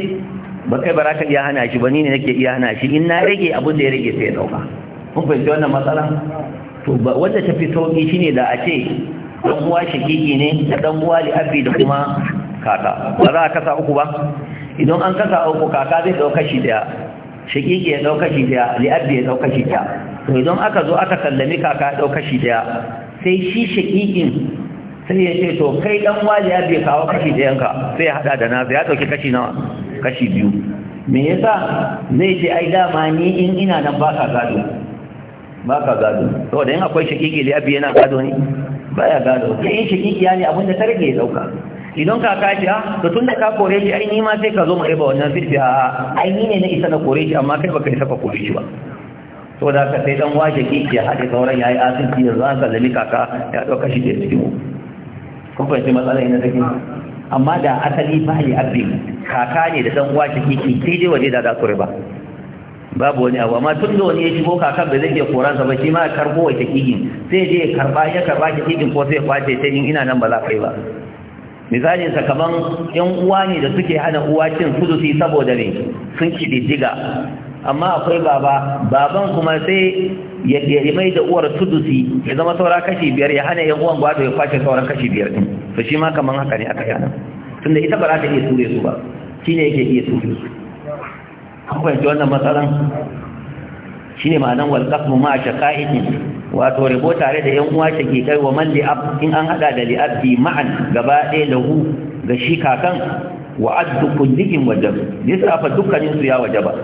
ba kai ba ka iya hana shi ba ni ne nake iya hana shi in na rage abin da ya rage sai ya dauka kun fahimci wannan matsala to wanda ta fi sauki shine da a ce Ɗan uwa shakiki ne da dan uwa li'abi da kuma kaka ba za a kasa uku ba idan an kasa uku kaka zai ɗauka shi daya shakiki ya ɗauka shi daya li'abi ya ɗauka shi daya to idan aka zo aka sallami kaka ya ɗauka shi daya sai shi shakikin sai ya ce to kai dan uwa li'abi kawo kashi dayanka sai ya haɗa da nasa ya ɗauki kashi nawa kashi biyu me yasa zai ce ai dama ni in ina nan ba ka gado ba ka gado saboda yin akwai shakiki li'abi yana gado ne baya gado sai in shakikiya ne abin da ta ya dauka idan kaka ce ah da tun da ka kore shi ai ma sai ka zo mu riba wannan sai a ah, ah. ai ni ne na isa na kore shi amma kai baka isa ka kore shi ba to da ka sai dan waje kike hade sauran yayi ki yanzu an sallami kaka ya dauka shi da cikin kun fahimci matsala ina take amma da asali ba ya abin kaka ne da dan waje kiki sai dai waje da za ku riba babu wani abu amma tun da wani ya shigo kakan bai zai iya sa, ba shi ma ya karbo ta kigin sai je ya karba ya karba ta kigin ko sai ya kwace ta in ina nan ba za ka yi ba misalin sa kaman yan uwa ne da suke hana uwa cin sudusi saboda ne sun diddiga. amma akwai baba baban kuma sai ya mai da uwar sudusi ya zama saura kashi biyar ya hana yan uwan gwado ya kwace sauran kashi biyar din to shi ma kaman haka ne aka yana tunda ita ba za ta iya ture su ba shine yake iya ture su an fahimci wannan matsalan shi ne ma'anan walƙasmu ma a wato rabo tare da yan uwa ke kai wa man li'ab in an haɗa da li'abdi ma'an gaba ɗaya lahu ga shi kakan wa addu wajen, wajab lissafa dukkanin su ya wajaba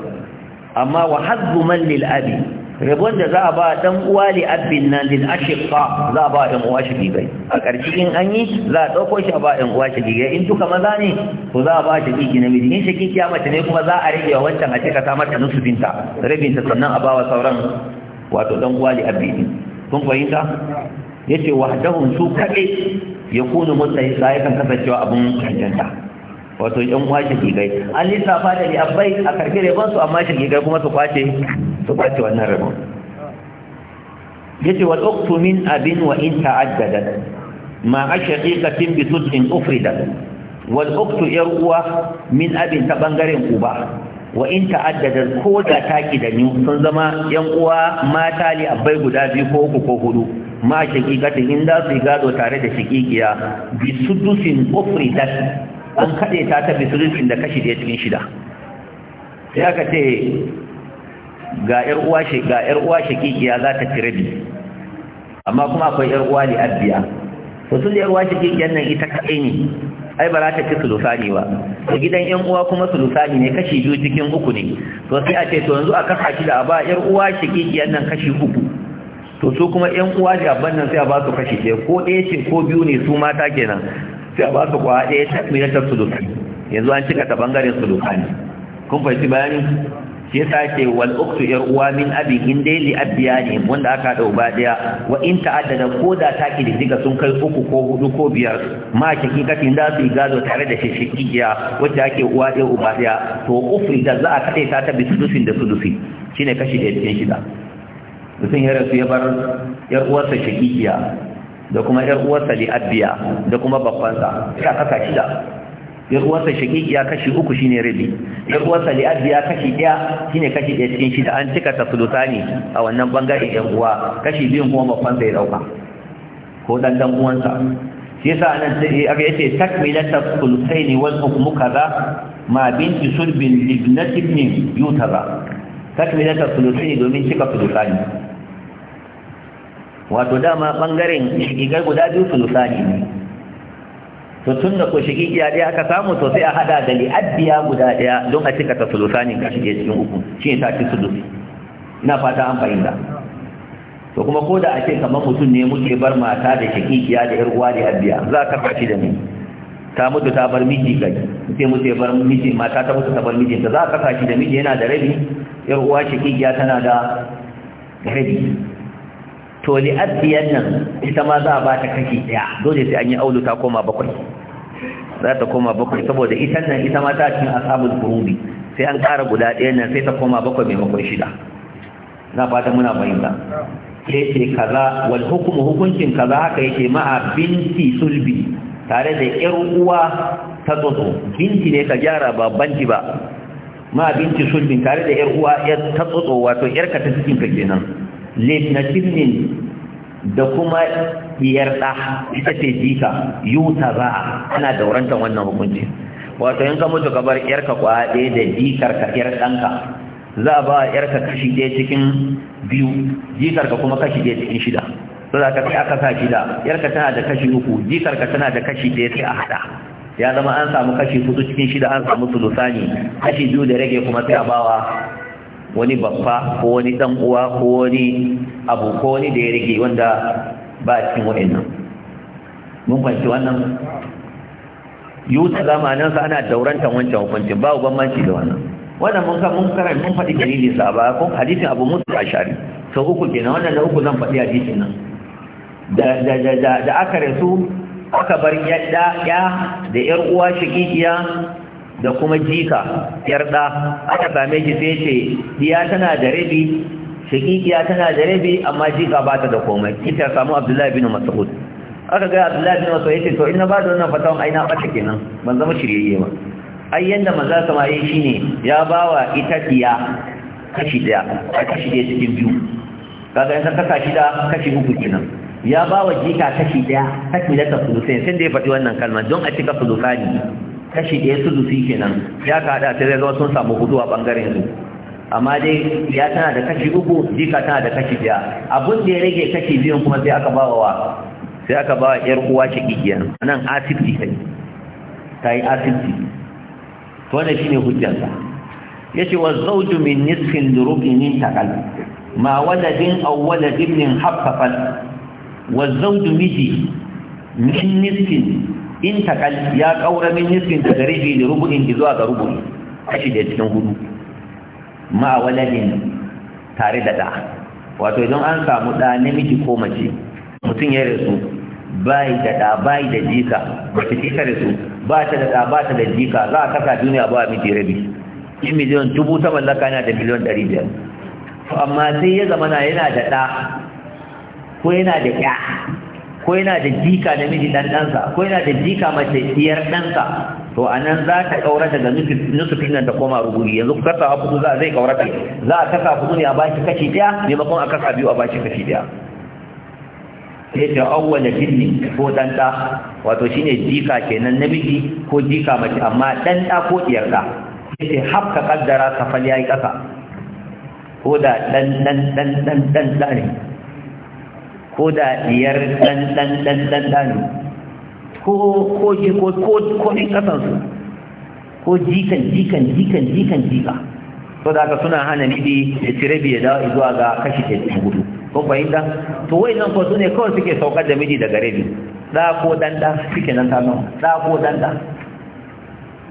amma wa hazzu man lil'abi Ribon da za a ba dan uwa li abin nan lil ashiqa za a ba ɗan uwa shi bai a ƙarshe in an yi za a ɗauko shi a ba ɗan uwa shi bai in duka maza ne ko za a ba shi bigi namiji in shi kiya mace ne kuma za a rage wa wancan a cika ta mata Binta, rabinta sannan a ba wa sauran wato dan uwa li abin kun fahimta yace wahdahum su kaɗai yakunu mutahisa kan kasancewa abun cancanta wato yan uwa gigai an lissafa da liabbai a karfe da su amma gigai kuma su kwace su kwace wannan rabon yace wal uqtu min abin wa in ta'addada ma ashaqiqatin bi sudin ufrida wal uqtu yar uwa min abin ta bangaren uba wa in ta'addada ko da ta ni sun zama yan uwa mata li abbai guda biyu ko uku ko hudu ma shaqiqatin in da su gado tare da shaqiqiya bi sudusin ufrida an kaɗe ta ta bisulufin da kashi ɗaya cikin shida sai aka ce ga ‘yar'uwa shakikiya za ta fi rabi amma kuma akwai ‘yar'uwa ne abiya wasu da ‘yar'uwa shakikiyar nan ita kaɗai ne ai ba za ta ci sulusani ba da gidan ‘yan uwa kuma sulusani ne kashi biyu cikin uku ne to sai a ce to yanzu a kasa shi da a ba ‘yar'uwa shakikiyar nan kashi uku to su kuma ‘yan uwa da abban nan sai a ba su kashi ɗaya ko ɗaya ce ko biyu ne su mata kenan sai a ba su kwa ɗaya ta minatar dukkan yanzu an cika ta bangaren su dukkan kun fahimci bayani shi ya ce wal uktu yar uwa min in dai li ne wanda aka haɗa uba daya wa in ta'addada ko da ta diga sun kai uku ko hudu ko biyar ma kashi za su gado tare da shishigiya wacce ake uwa ɗaya uba daya to ufri da za a kaɗai ta ta bisudufin da sudufi shine kashi da cikin shida mutum ya rasu ya bar yaruwarsa uwarsa da kuma yar uwarsa abiya da kuma babbansa ka kasa shida yar uwarsa shaqiqiya kashi uku shine rabi yar uwarsa abiya kashi ɗaya shine kashi ɗaya, cikin shida an cika tafsulutani a wannan bangare yan uwa kashi biyun kuma babbansa ya ɗauka. ko ɗan ɗan uwansa shi yasa anan sai aka yace takmilat tafsulutaini wal hukmu kaza ma binti sulbin libnat ibn yutaza takmilat tafsulutaini domin cika tafsulutani wato dama bangaren shigigar guda biyu Lusani ne to tun da ko shigigiya ɗaya aka samu to sai a hada da li'addiya guda ɗaya don a cika ta sulusani ga shige cikin uku shi ne sati sulusi ina fata an fahimta to kuma ko da a ce kamar mutum ne muke bar mata da shigigiya da yar uwa da li'addiya za ka fashi da ni ta mutu ta bar miji kai sai mutu bar miji mata ta mutu ta bar miji ta za ka fashi da miji yana da rabi yar uwa shigigiya tana da rabi to li'addiyan nan ita ma za a ba ta kashi ɗaya dole sai an yi aulu ta koma bakwai za ta koma bakwai saboda ita nan ita ma ta cikin asabul furubi sai an ƙara guda ɗayan nan sai ta koma bakwai maimakon shida na fata muna fahimta sai ce kaza wal hukumu hukuncin kaza haka yake ma'a binti sulbi tare da 'yar uwa ta tsotso binti ne ka gyara ba banki ba Ma binti sulbin tare da 'yar uwa ta tsotso wato ƴarka ta cikin ka kenan lisnatin da kuma diyar ɗa ita ce jika yuta ba ana dauranta wannan hukunci wato yanka mutu ka bar yarka kwa ɗaya da jikar ka yar ɗanka za a ba yarka kashi ɗaya cikin biyu jikar ka kuma kashi ɗaya cikin shida za ka kai aka sa shida yarka tana da kashi uku jikar ka tana da kashi ɗaya sai a haɗa ya zama an samu kashi hudu cikin shida an samu sulusani kashi biyu da rage kuma sai a bawa wani babba ko wani dan uwa ko wani abu ko wani da ya rage wanda ba a cikin wa'annan mun fahimci wannan yuta zamanin sa ana daurantan wancan hukuncin ba bambanci da wannan wannan mun kan mun karar mun faɗi dalilin sa ba ko hadisin abu musu ashari sau uku kenan wannan da uku zan faɗi hadisin nan da da da da aka rasu aka bar yadda ya da yar uwa shakikiya da kuma jika yarda aka same shi sai ce diya tana da rabi shakikiya tana da rabi amma jika ba ta da komai ita samu abdullahi bin mas'ud aka ga abdullahi bin mas'ud yace to ina ba da wannan fatawan ai na bace kenan ban zama shiriyeye ba ai yanda maza sama yi shine ya bawa ita diya kashi daya a kashi daya cikin biyu kaga in ka kashi da kashi uku kenan ya bawa jika kashi daya kashi da ta fulusai sai da ya faɗi wannan kalma don a cika fulusani kashi ɗaya su zufi kenan ya ka haɗa ta zai zama sun samu hudu a ɓangaren su amma dai ya tana da kashi uku jika tana da kashi biya. abun da ya rage kashi biyun kuma sai aka bawa wa sai aka bawa ƴar uwa shakikiya nan asibiti kai ta yi asibiti to wannan shine hujjarsa ce, wa zauju min nisfin durubi min taqal ma waladin aw waladin min haffafat wa zauju miji min nisfin in takal ya ƙaura min nisfin daga ribi da rubu'in zuwa ga rubu'i kashi da cikin hudu ma waladin tare da ɗa wato idan an samu ɗa namiji ko mace mutum ya rasu bai da ɗa bai da jika mace ce ta rasu ba ta da ɗa ba ta da jika za a kasa duniya ba miji rabi in miliyon dubu ta mallaka yana da miliyon ɗari biyar amma sai ya zamana yana da ɗa ko yana da ƴa ko yana da jika namiji dan ɗansa ko yana da jika mace diyar ɗansa to a nan za ta ƙaura daga nufin nan ta koma ruguri yanzu ku kasa hudu za zai ƙaura ta za a kasa hudu ne a bashi kashi ɗaya maimakon a kasa biyu a bashi kashi ɗaya sai ta awwala jinni ko ɗan ɗa wato shine jika kenan namiji ko jika mace amma ɗan ɗa ko diyar ɗa sai ta hafka kaddara kafal yayi ƙasa ko da ɗan ɗan ɗan ɗan ɗan ne ko da diyar dan dan dan dan dan ko ko ko ko ko in su ko jikan jikan jikan jikan jika to da ka suna hana ni ya cire biya da zuwa ga kashi ke gudu ko fahimta to wai nan ko sune kawai suke saukar da miji daga rabi da ko dan dan suke nan ta nan da ko dan dan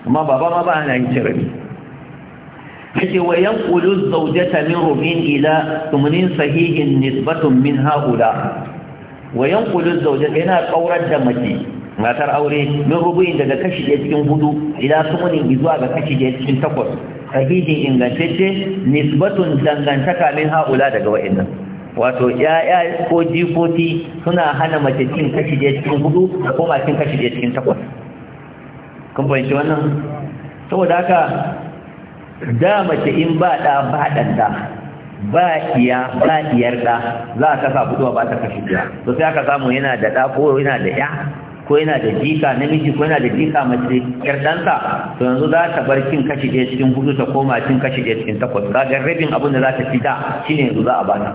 amma baba ma ba hana ni cire yake wa yanqulu zawjata min rumin ila tumnin sahihin nisbatun min haula wa yanqulu zawjata yana kaurar da mace matar aure min rubin daga kashi ɗaya cikin hudu ila tumnin zuwa ga kashi ɗaya cikin takwas sahihin ingantacce nisbatun dangantaka min haula daga wa'annan wato ya'ya ko jikoti suna hana mace cin kashi ɗaya cikin hudu da kuma cin kashi ɗaya cikin takwas kun fahimci wannan saboda haka da mace in ba ɗa ba ɗanta, ba iya ba iyar ɗa za a kasa fito ba ta kashi ɗaya to sai aka samu yana da ɗa ko yana da ya ko yana da jika namiji ko yana da jika mace yar ɗanta to yanzu za ta bar kin kashi ɗaya cikin hudu ta koma kin kashi ɗaya cikin takwas ga rabin abin da za ta fita shine yanzu za a bata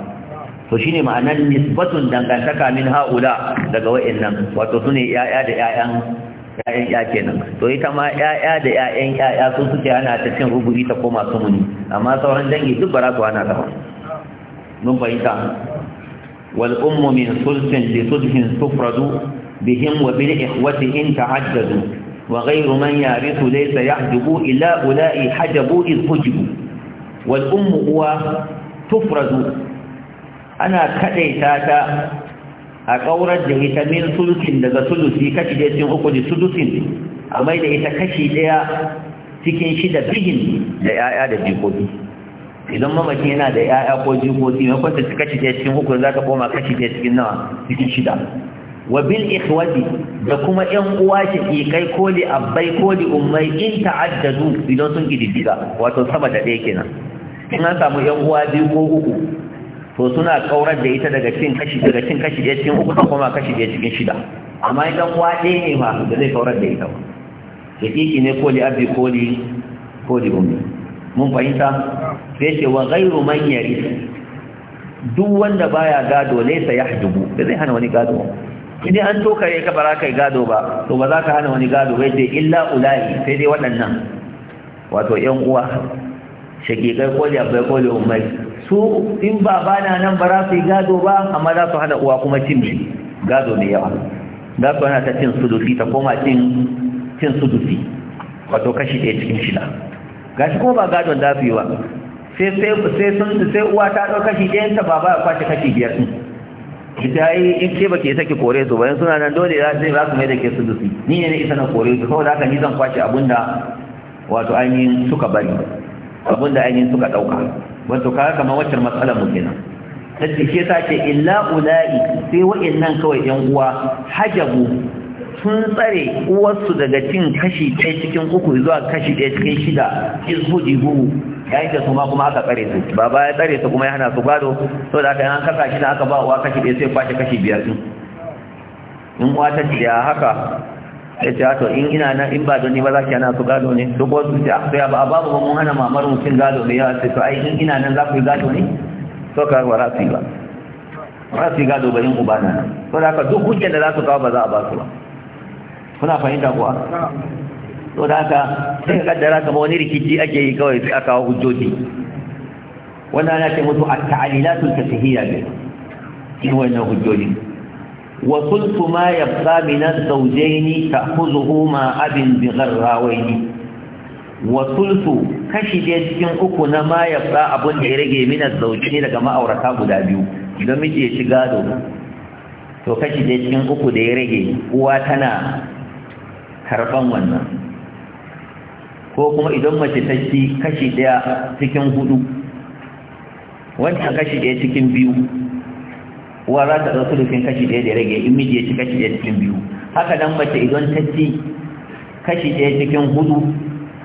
to shine ma'anar nisbatun dangantaka min haula daga wa'annan wato sune ya'ya da 'ya'yan ya'yan ya kenan to ita ma ya'ya da ya'yan ya'ya sun suke ana ta cin rubuci ta koma su muni amma sauran dangi duk ba za su hana ta ba mun fahimta wal ummu min sulhin li sulhin tufradu bihim wa bil ikhwati in ta'addadu wa ghayru man yarithu laysa yahjubu illa ulai hajabu iz hujibu wal ummu uwa tufradu ana kadaita ta a kaurar da ita min sulusin daga sulusi kashi da cikin uku da sulusin a mai da ita kashi daya cikin shida bihin da ya'ya da jikoki idan mamaki yana da ya'ya ko jikoki mai kwanta su kashi daya cikin uku za ka koma kashi daya cikin nawa cikin shida wa bil ikhwati da kuma yan uwa shi kai ko li abbai ko li ummai in ta'addadu idan sun kididdiga wato sama da ɗaya kenan in an samu yan uwa biyu ko uku to suna kaurar da ita daga cin kashi daga cin kashi ɗaya cikin uku ta koma kashi ɗaya cikin shida amma idan uwa ɗaya ne ma da zai kaurar da ita ba hakiki ne koli abi koli koli ummi mun fahimta sai ce wa ghairu man yaris duk wanda baya gado ya yahjubu da zai hana wani gado idan an tokare ka bara kai gado ba to ba za ka hana wani gado bai sai illa ulai sai dai waɗannan wato ƴan uwa shagigai koli abai koli ummi. su in ba bana nan ba za su yi gado ba amma za su hana uwa kuma cin gado da yawa za su hana ta cin sudufi ta koma cin cin sudufi wato kashi ɗaya cikin shida Ga shi kuma ba gadon da su yi ba sai sai sun sai uwa ta ɗau kashi ɗayan ta ba ya kwace kashi biyar ɗin ita yi in ke ba ke sake kore su bayan suna nan dole za su mai da ke sudufi ni ne na isa na kore su saboda haka ni zan kwace abinda wato ainihin suka bari abinda ainihin suka ɗauka wato ga kamar wacce matsalar mu kenan tace ke ta ce illa ulai sai wa'annan kawai yan uwa hajabu sun tsare uwarsu daga cin kashi ɗaya cikin uku zuwa kashi ɗaya cikin shida izhuji buhu yayin da su ma kuma aka tsare su baba ya tsare su kuma ya hana su gado saboda da aka yi an kasa shi da aka ba uwa kashi ɗaya sai kwashe kashi biyar din in uwa ta ce haka ya ce ah, to in ina nan in ba doni ba za ki ana su gado ne duk wasu ce ah, to ya ba a babu ba mun hana mamar mutum gado ne ya ce to ai in ina nan za ku yi gado ne to ka ba za su ba ba su gado ba in ubana na to da ka duk hujjar da za su kawo ba za a ba su ba kuna fahimta kuwa to da ka sai ka kaddara kamar wani rikici ake yi kawai sai a kawo hujjoji wannan ana ce mutu at-ta'alilatul tafhiyya ne shi wannan hujjoji wa ما يبقى من الزوجين az-zawjayn ta'khuzuhu ma abin bi gharrawayn wa kashi da cikin uku na ma yabqa abun da ya rage min az daga ma'aurata guda biyu ya shiga do to kashi wannan ko kuma idan mace ta ci kashi daya cikin hudu wancan kashi daya cikin biyu uwa za ta ɗau sulufin kashi ɗaya da rage in miji ya ci kashi ɗaya cikin biyu haka nan mace idan ta ci kashi ɗaya cikin hudu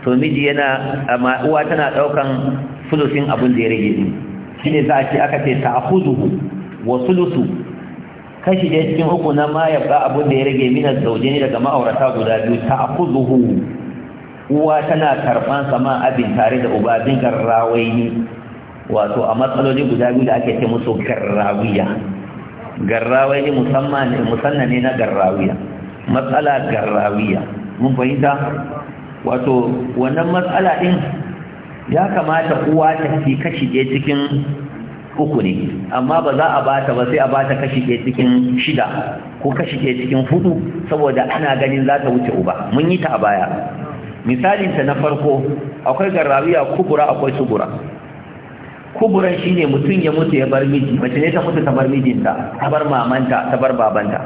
to miji yana amma uwa tana ɗaukan sulufin abin da ya rage ɗin shi ne za a ce aka ce ta akudu wa sulusu kashi ɗaya cikin uku na ma ya ba abin da ya rage minas zauje ne daga ma'aurata guda biyu ta akuduhu uwa tana karɓan sama abin tare da uba bin garrawaini wato a matsaloli guda biyu da ake ce musu karrawiya garrawai musamman musanna ne na garrawiya matsala garrawiya mun fahimta wato wannan matsala din ya kamata uwa ta fi kashi ɗaya cikin uku ne amma ba za a bata ba sai a bata kashi ɗaya cikin shida ko kashi ɗaya cikin hudu saboda ana ganin za ta wuce uba mun yi ta a baya misalinta na farko akwai garrawiya kubura akwai sugura kuburan shine mutum ya mutu ya bar miji mace ne ta mutu ta bar mijinta ta bar mamanta ta bar babanta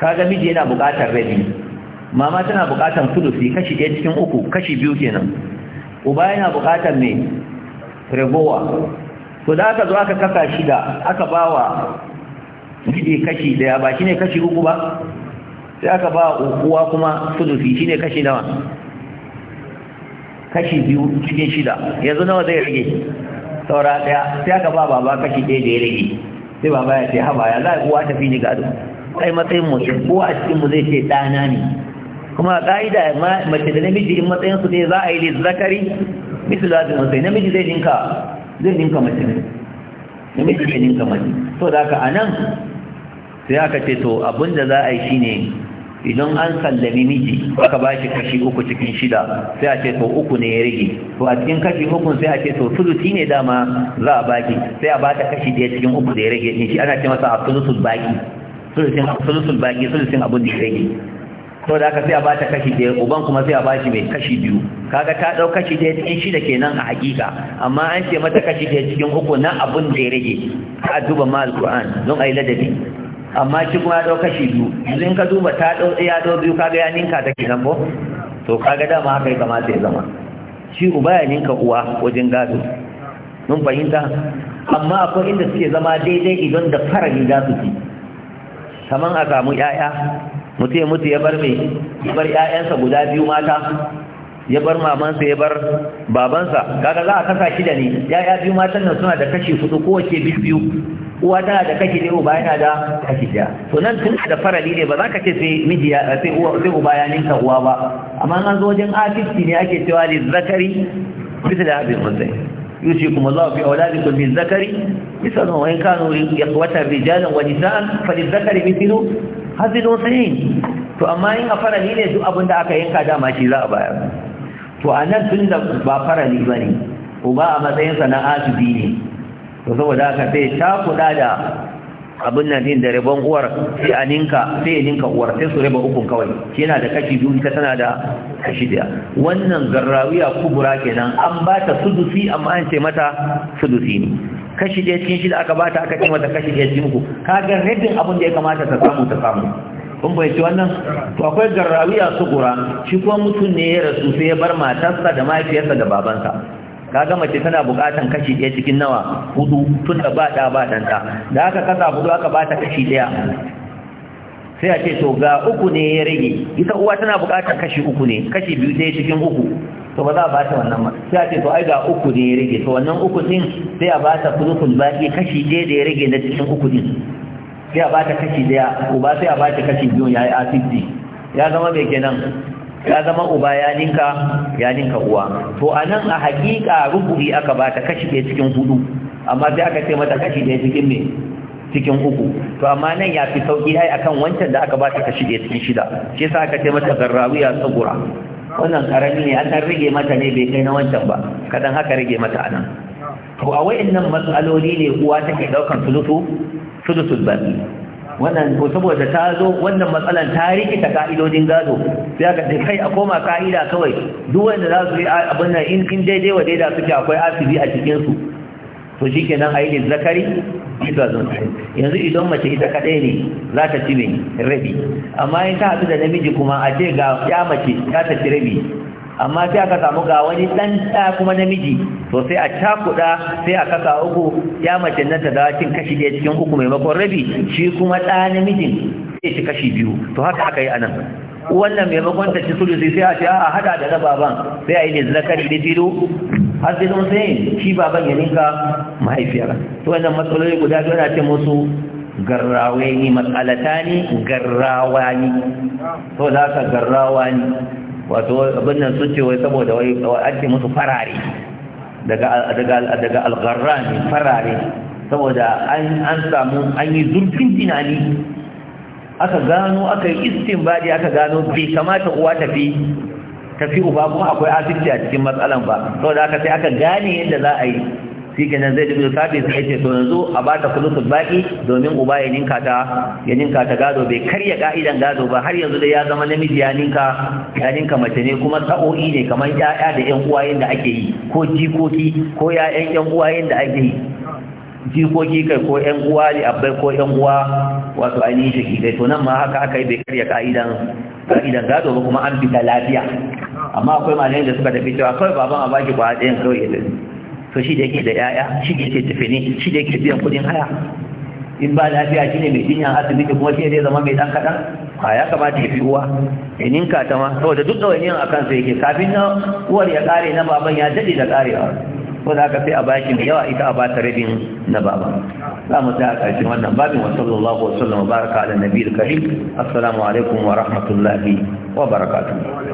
kaga miji yana buƙatar rabi mama tana buƙatar sulusi kashi ɗaya cikin uku kashi biyu kenan uba yana buƙatar me ragowa to da aka zo aka kasa shida aka wa miji kashi ɗaya ba shine kashi uku ba sai aka ba uwa kuma sulusi shine kashi nawa kashi biyu cikin shida yanzu nawa zai rage saura ɗaya sai aka ba baba kashi ɗaya da ya rage sai baba ya ce haba ya za a uwa tafi ni gado kai matsayin mu ko a cikin mu zai ce ɗana ne kuma ka'ida mace da namiji in matsayin su ne za a yi da zakari misu da zai matsayi namiji zai ninka zai ninka mace ne namiji zai ninka mace to da ka a nan sai aka ce to abinda za a yi shine idan an sallami miji aka ba shi kashi uku cikin shida sai a ce to uku ne ya rage to a cikin kashi uku sai a ce to sulusi ne dama za a baki sai a bata kashi daya cikin uku da ya rage in shi ana ce masa a sulusul baki sulusul baki sulusin abun da ya rage to da aka sai a bata kashi daya uban kuma sai a bashi mai kashi biyu kaga ta dau kashi daya cikin shida kenan a hakika amma an ce mata kashi daya cikin uku na abun da ya rage a duba ma alquran don ayi ladabi amma shi kuma ya ɗau kashi biyu yanzu in ka duba ta ɗau ya ɗau biyu kaga ya ninka ta kenan ko to kaga dama haka ya kamata ya zama shi uba ya ninka uwa wajen gado mun fahimta amma akwai inda suke zama daidai idan da farali za su ci kamar a samu 'ya'ya mutum ya mutu ya bar mai ya bar 'ya'yansa guda biyu mata ya bar mamansa ya bar babansa kaga za a kasa da ni. ya'ya biyu matan nan suna da kashi hudu kowace biyu biyu uwa tana da kashi ɗaya uba yana da kashi ɗaya to nan tun da farali ne ba za ka ce sai miji ya sai uwa sai uba ya ninka uwa ba amma an zo wajen afisti ne ake cewa li zakari bisa da abin mutsai يوصيكم الله wani أولادكم بالذكر مثل وإن كانوا إخوة رجالا zakari فللذكر مثل هذه to amma إن a farali ne duk abin da aka yanka dama shi za a bayar to a nan tun da ba farali ba ne uba a matsayinsa na asibi ne to saboda haka sai ta kuɗa da abin nan din da rabon uwar sai a ninka sai ninka uwar sai su raba ukun kawai shi yana da kashi biyu ita tana da kashi daya wannan garrawiya kubura kenan an ba ta sudusi amma an ce mata sudusi ne kashi ɗaya cikin shi da aka ba ta aka ce mata kashi daya cikin uku kaga rabin abin da ya kamata ta samu ta samu kun bai ci wannan to akwai garrawiya sugura shi kuma mutum ne ya rasu sai ya bar matarsa da mahaifiyarsa da babansa kaga mace tana bukatan kashi ɗaya cikin nawa hudu tun da ba ɗaya ba ɗanta da aka kasa hudu aka ba ta kashi ɗaya sai a ce to ga uku ne ya rage ita uwa tana bukatan kashi uku ne kashi biyu ɗaya cikin uku to ba za a ba ta wannan ma sai a ce to ai ga uku ne ya rage to wannan uku din sai a ba ta kudu baƙi kashi ɗaya da ya rage na cikin uku din sai a bata kashi daya uba sai a bata kashi biyu ya yi asibiti ya zama mai kenan ya zama uba ya ninka ya ninka uwa to a nan a hakika rubuhi aka bata kashi daya cikin hudu amma sai aka ce mata kashi daya cikin me cikin uku to amma nan ya fi sauki ai akan wancan da aka bata kashi daya cikin shida shi yasa aka ce mata garrawiya tsagura wannan karami ne an rage mata ne bai kai na wancan ba kadan haka rage mata anan to a wayannan matsaloli ne uwa take daukan sulutu sudusul baki wannan ko saboda ta zo wannan matsalan ta rikita ka'idodin gado sai aka ce kai a koma ka'ida kawai duk wanda za su yi abin nan in kin daidai wa daida suke akwai asibi a cikin su to shikenan a yi zakari ita zo yanzu idan mace ita kadai ne za ta ci ne rabi amma in ta haɗu da namiji kuma a ce ga ya mace ta ci rabi amma sai aka samu ga wani dan da kuma namiji to sai a cakuda sai a kasa uku ya mace nan ta dawo cin kashi ɗaya cikin uku mai makon rabi shi kuma ɗa namijin sai ci kashi biyu to haka aka yi anan wannan maimakon ta ci sulusi sai a ce a hada da baban sai a yi ne zakari da filo har sai don sai shi baban ya ninka mahaifiyar to wannan matsaloli guda biyu na ce musu garrawe ni matsalata ne garrawa ne to da ka garrawa ne wato abin nan sun ce wai saboda wai ake musu farare daga algarrani farare saboda an samu an yi zurfin tunani aka gano aka yi istinbadi aka gano bai kamata uwa tafi tafi uba kuma akwai asibiti a cikin matsalan ba saboda aka sai aka gane yadda za a yi shi kenan zai dubi sabis sai ce to yanzu a ba ta kudu baki domin uba ya ninka ta ya ninka ta gado bai karya ka'idan gado ba har yanzu dai ya zama namiji ya ninka ya ninka mace ne kuma sa'o'i ne kamar 'ya'ya da ƴan uwa da ake yi ko jikoki ko 'ya'yan ƴan uwa da ake yi jikoki kai ko ƴan uwa ne abbai ko ƴan uwa wato ainihin shi kai to nan ma haka aka yi bai karya ka'idan ka'idan gado ba kuma an fita lafiya amma akwai malayen da suka tafi cewa kawai baban a baki ba ɗayan kawai ya tafi to shi da yake da yaya shi da yake tafini shi da yake biyan kudin haya in ba lafiya shi ne mai jinya asibiti kuma shi zai zama mai dan kaɗan a ya kamata ya fi uwa ya ninka ta ma saboda duk da wani a kansa yake kafin na uwar ya kare na baban ya daɗe da karewa ko da aka sai a baki mai yawa ita a ba ta rabin na baba za mu ta a ƙarshen wannan babin wa sallallahu alaihi wa sallam baraka ala nabi karim assalamu alaikum wa rahmatullahi wa barakatuh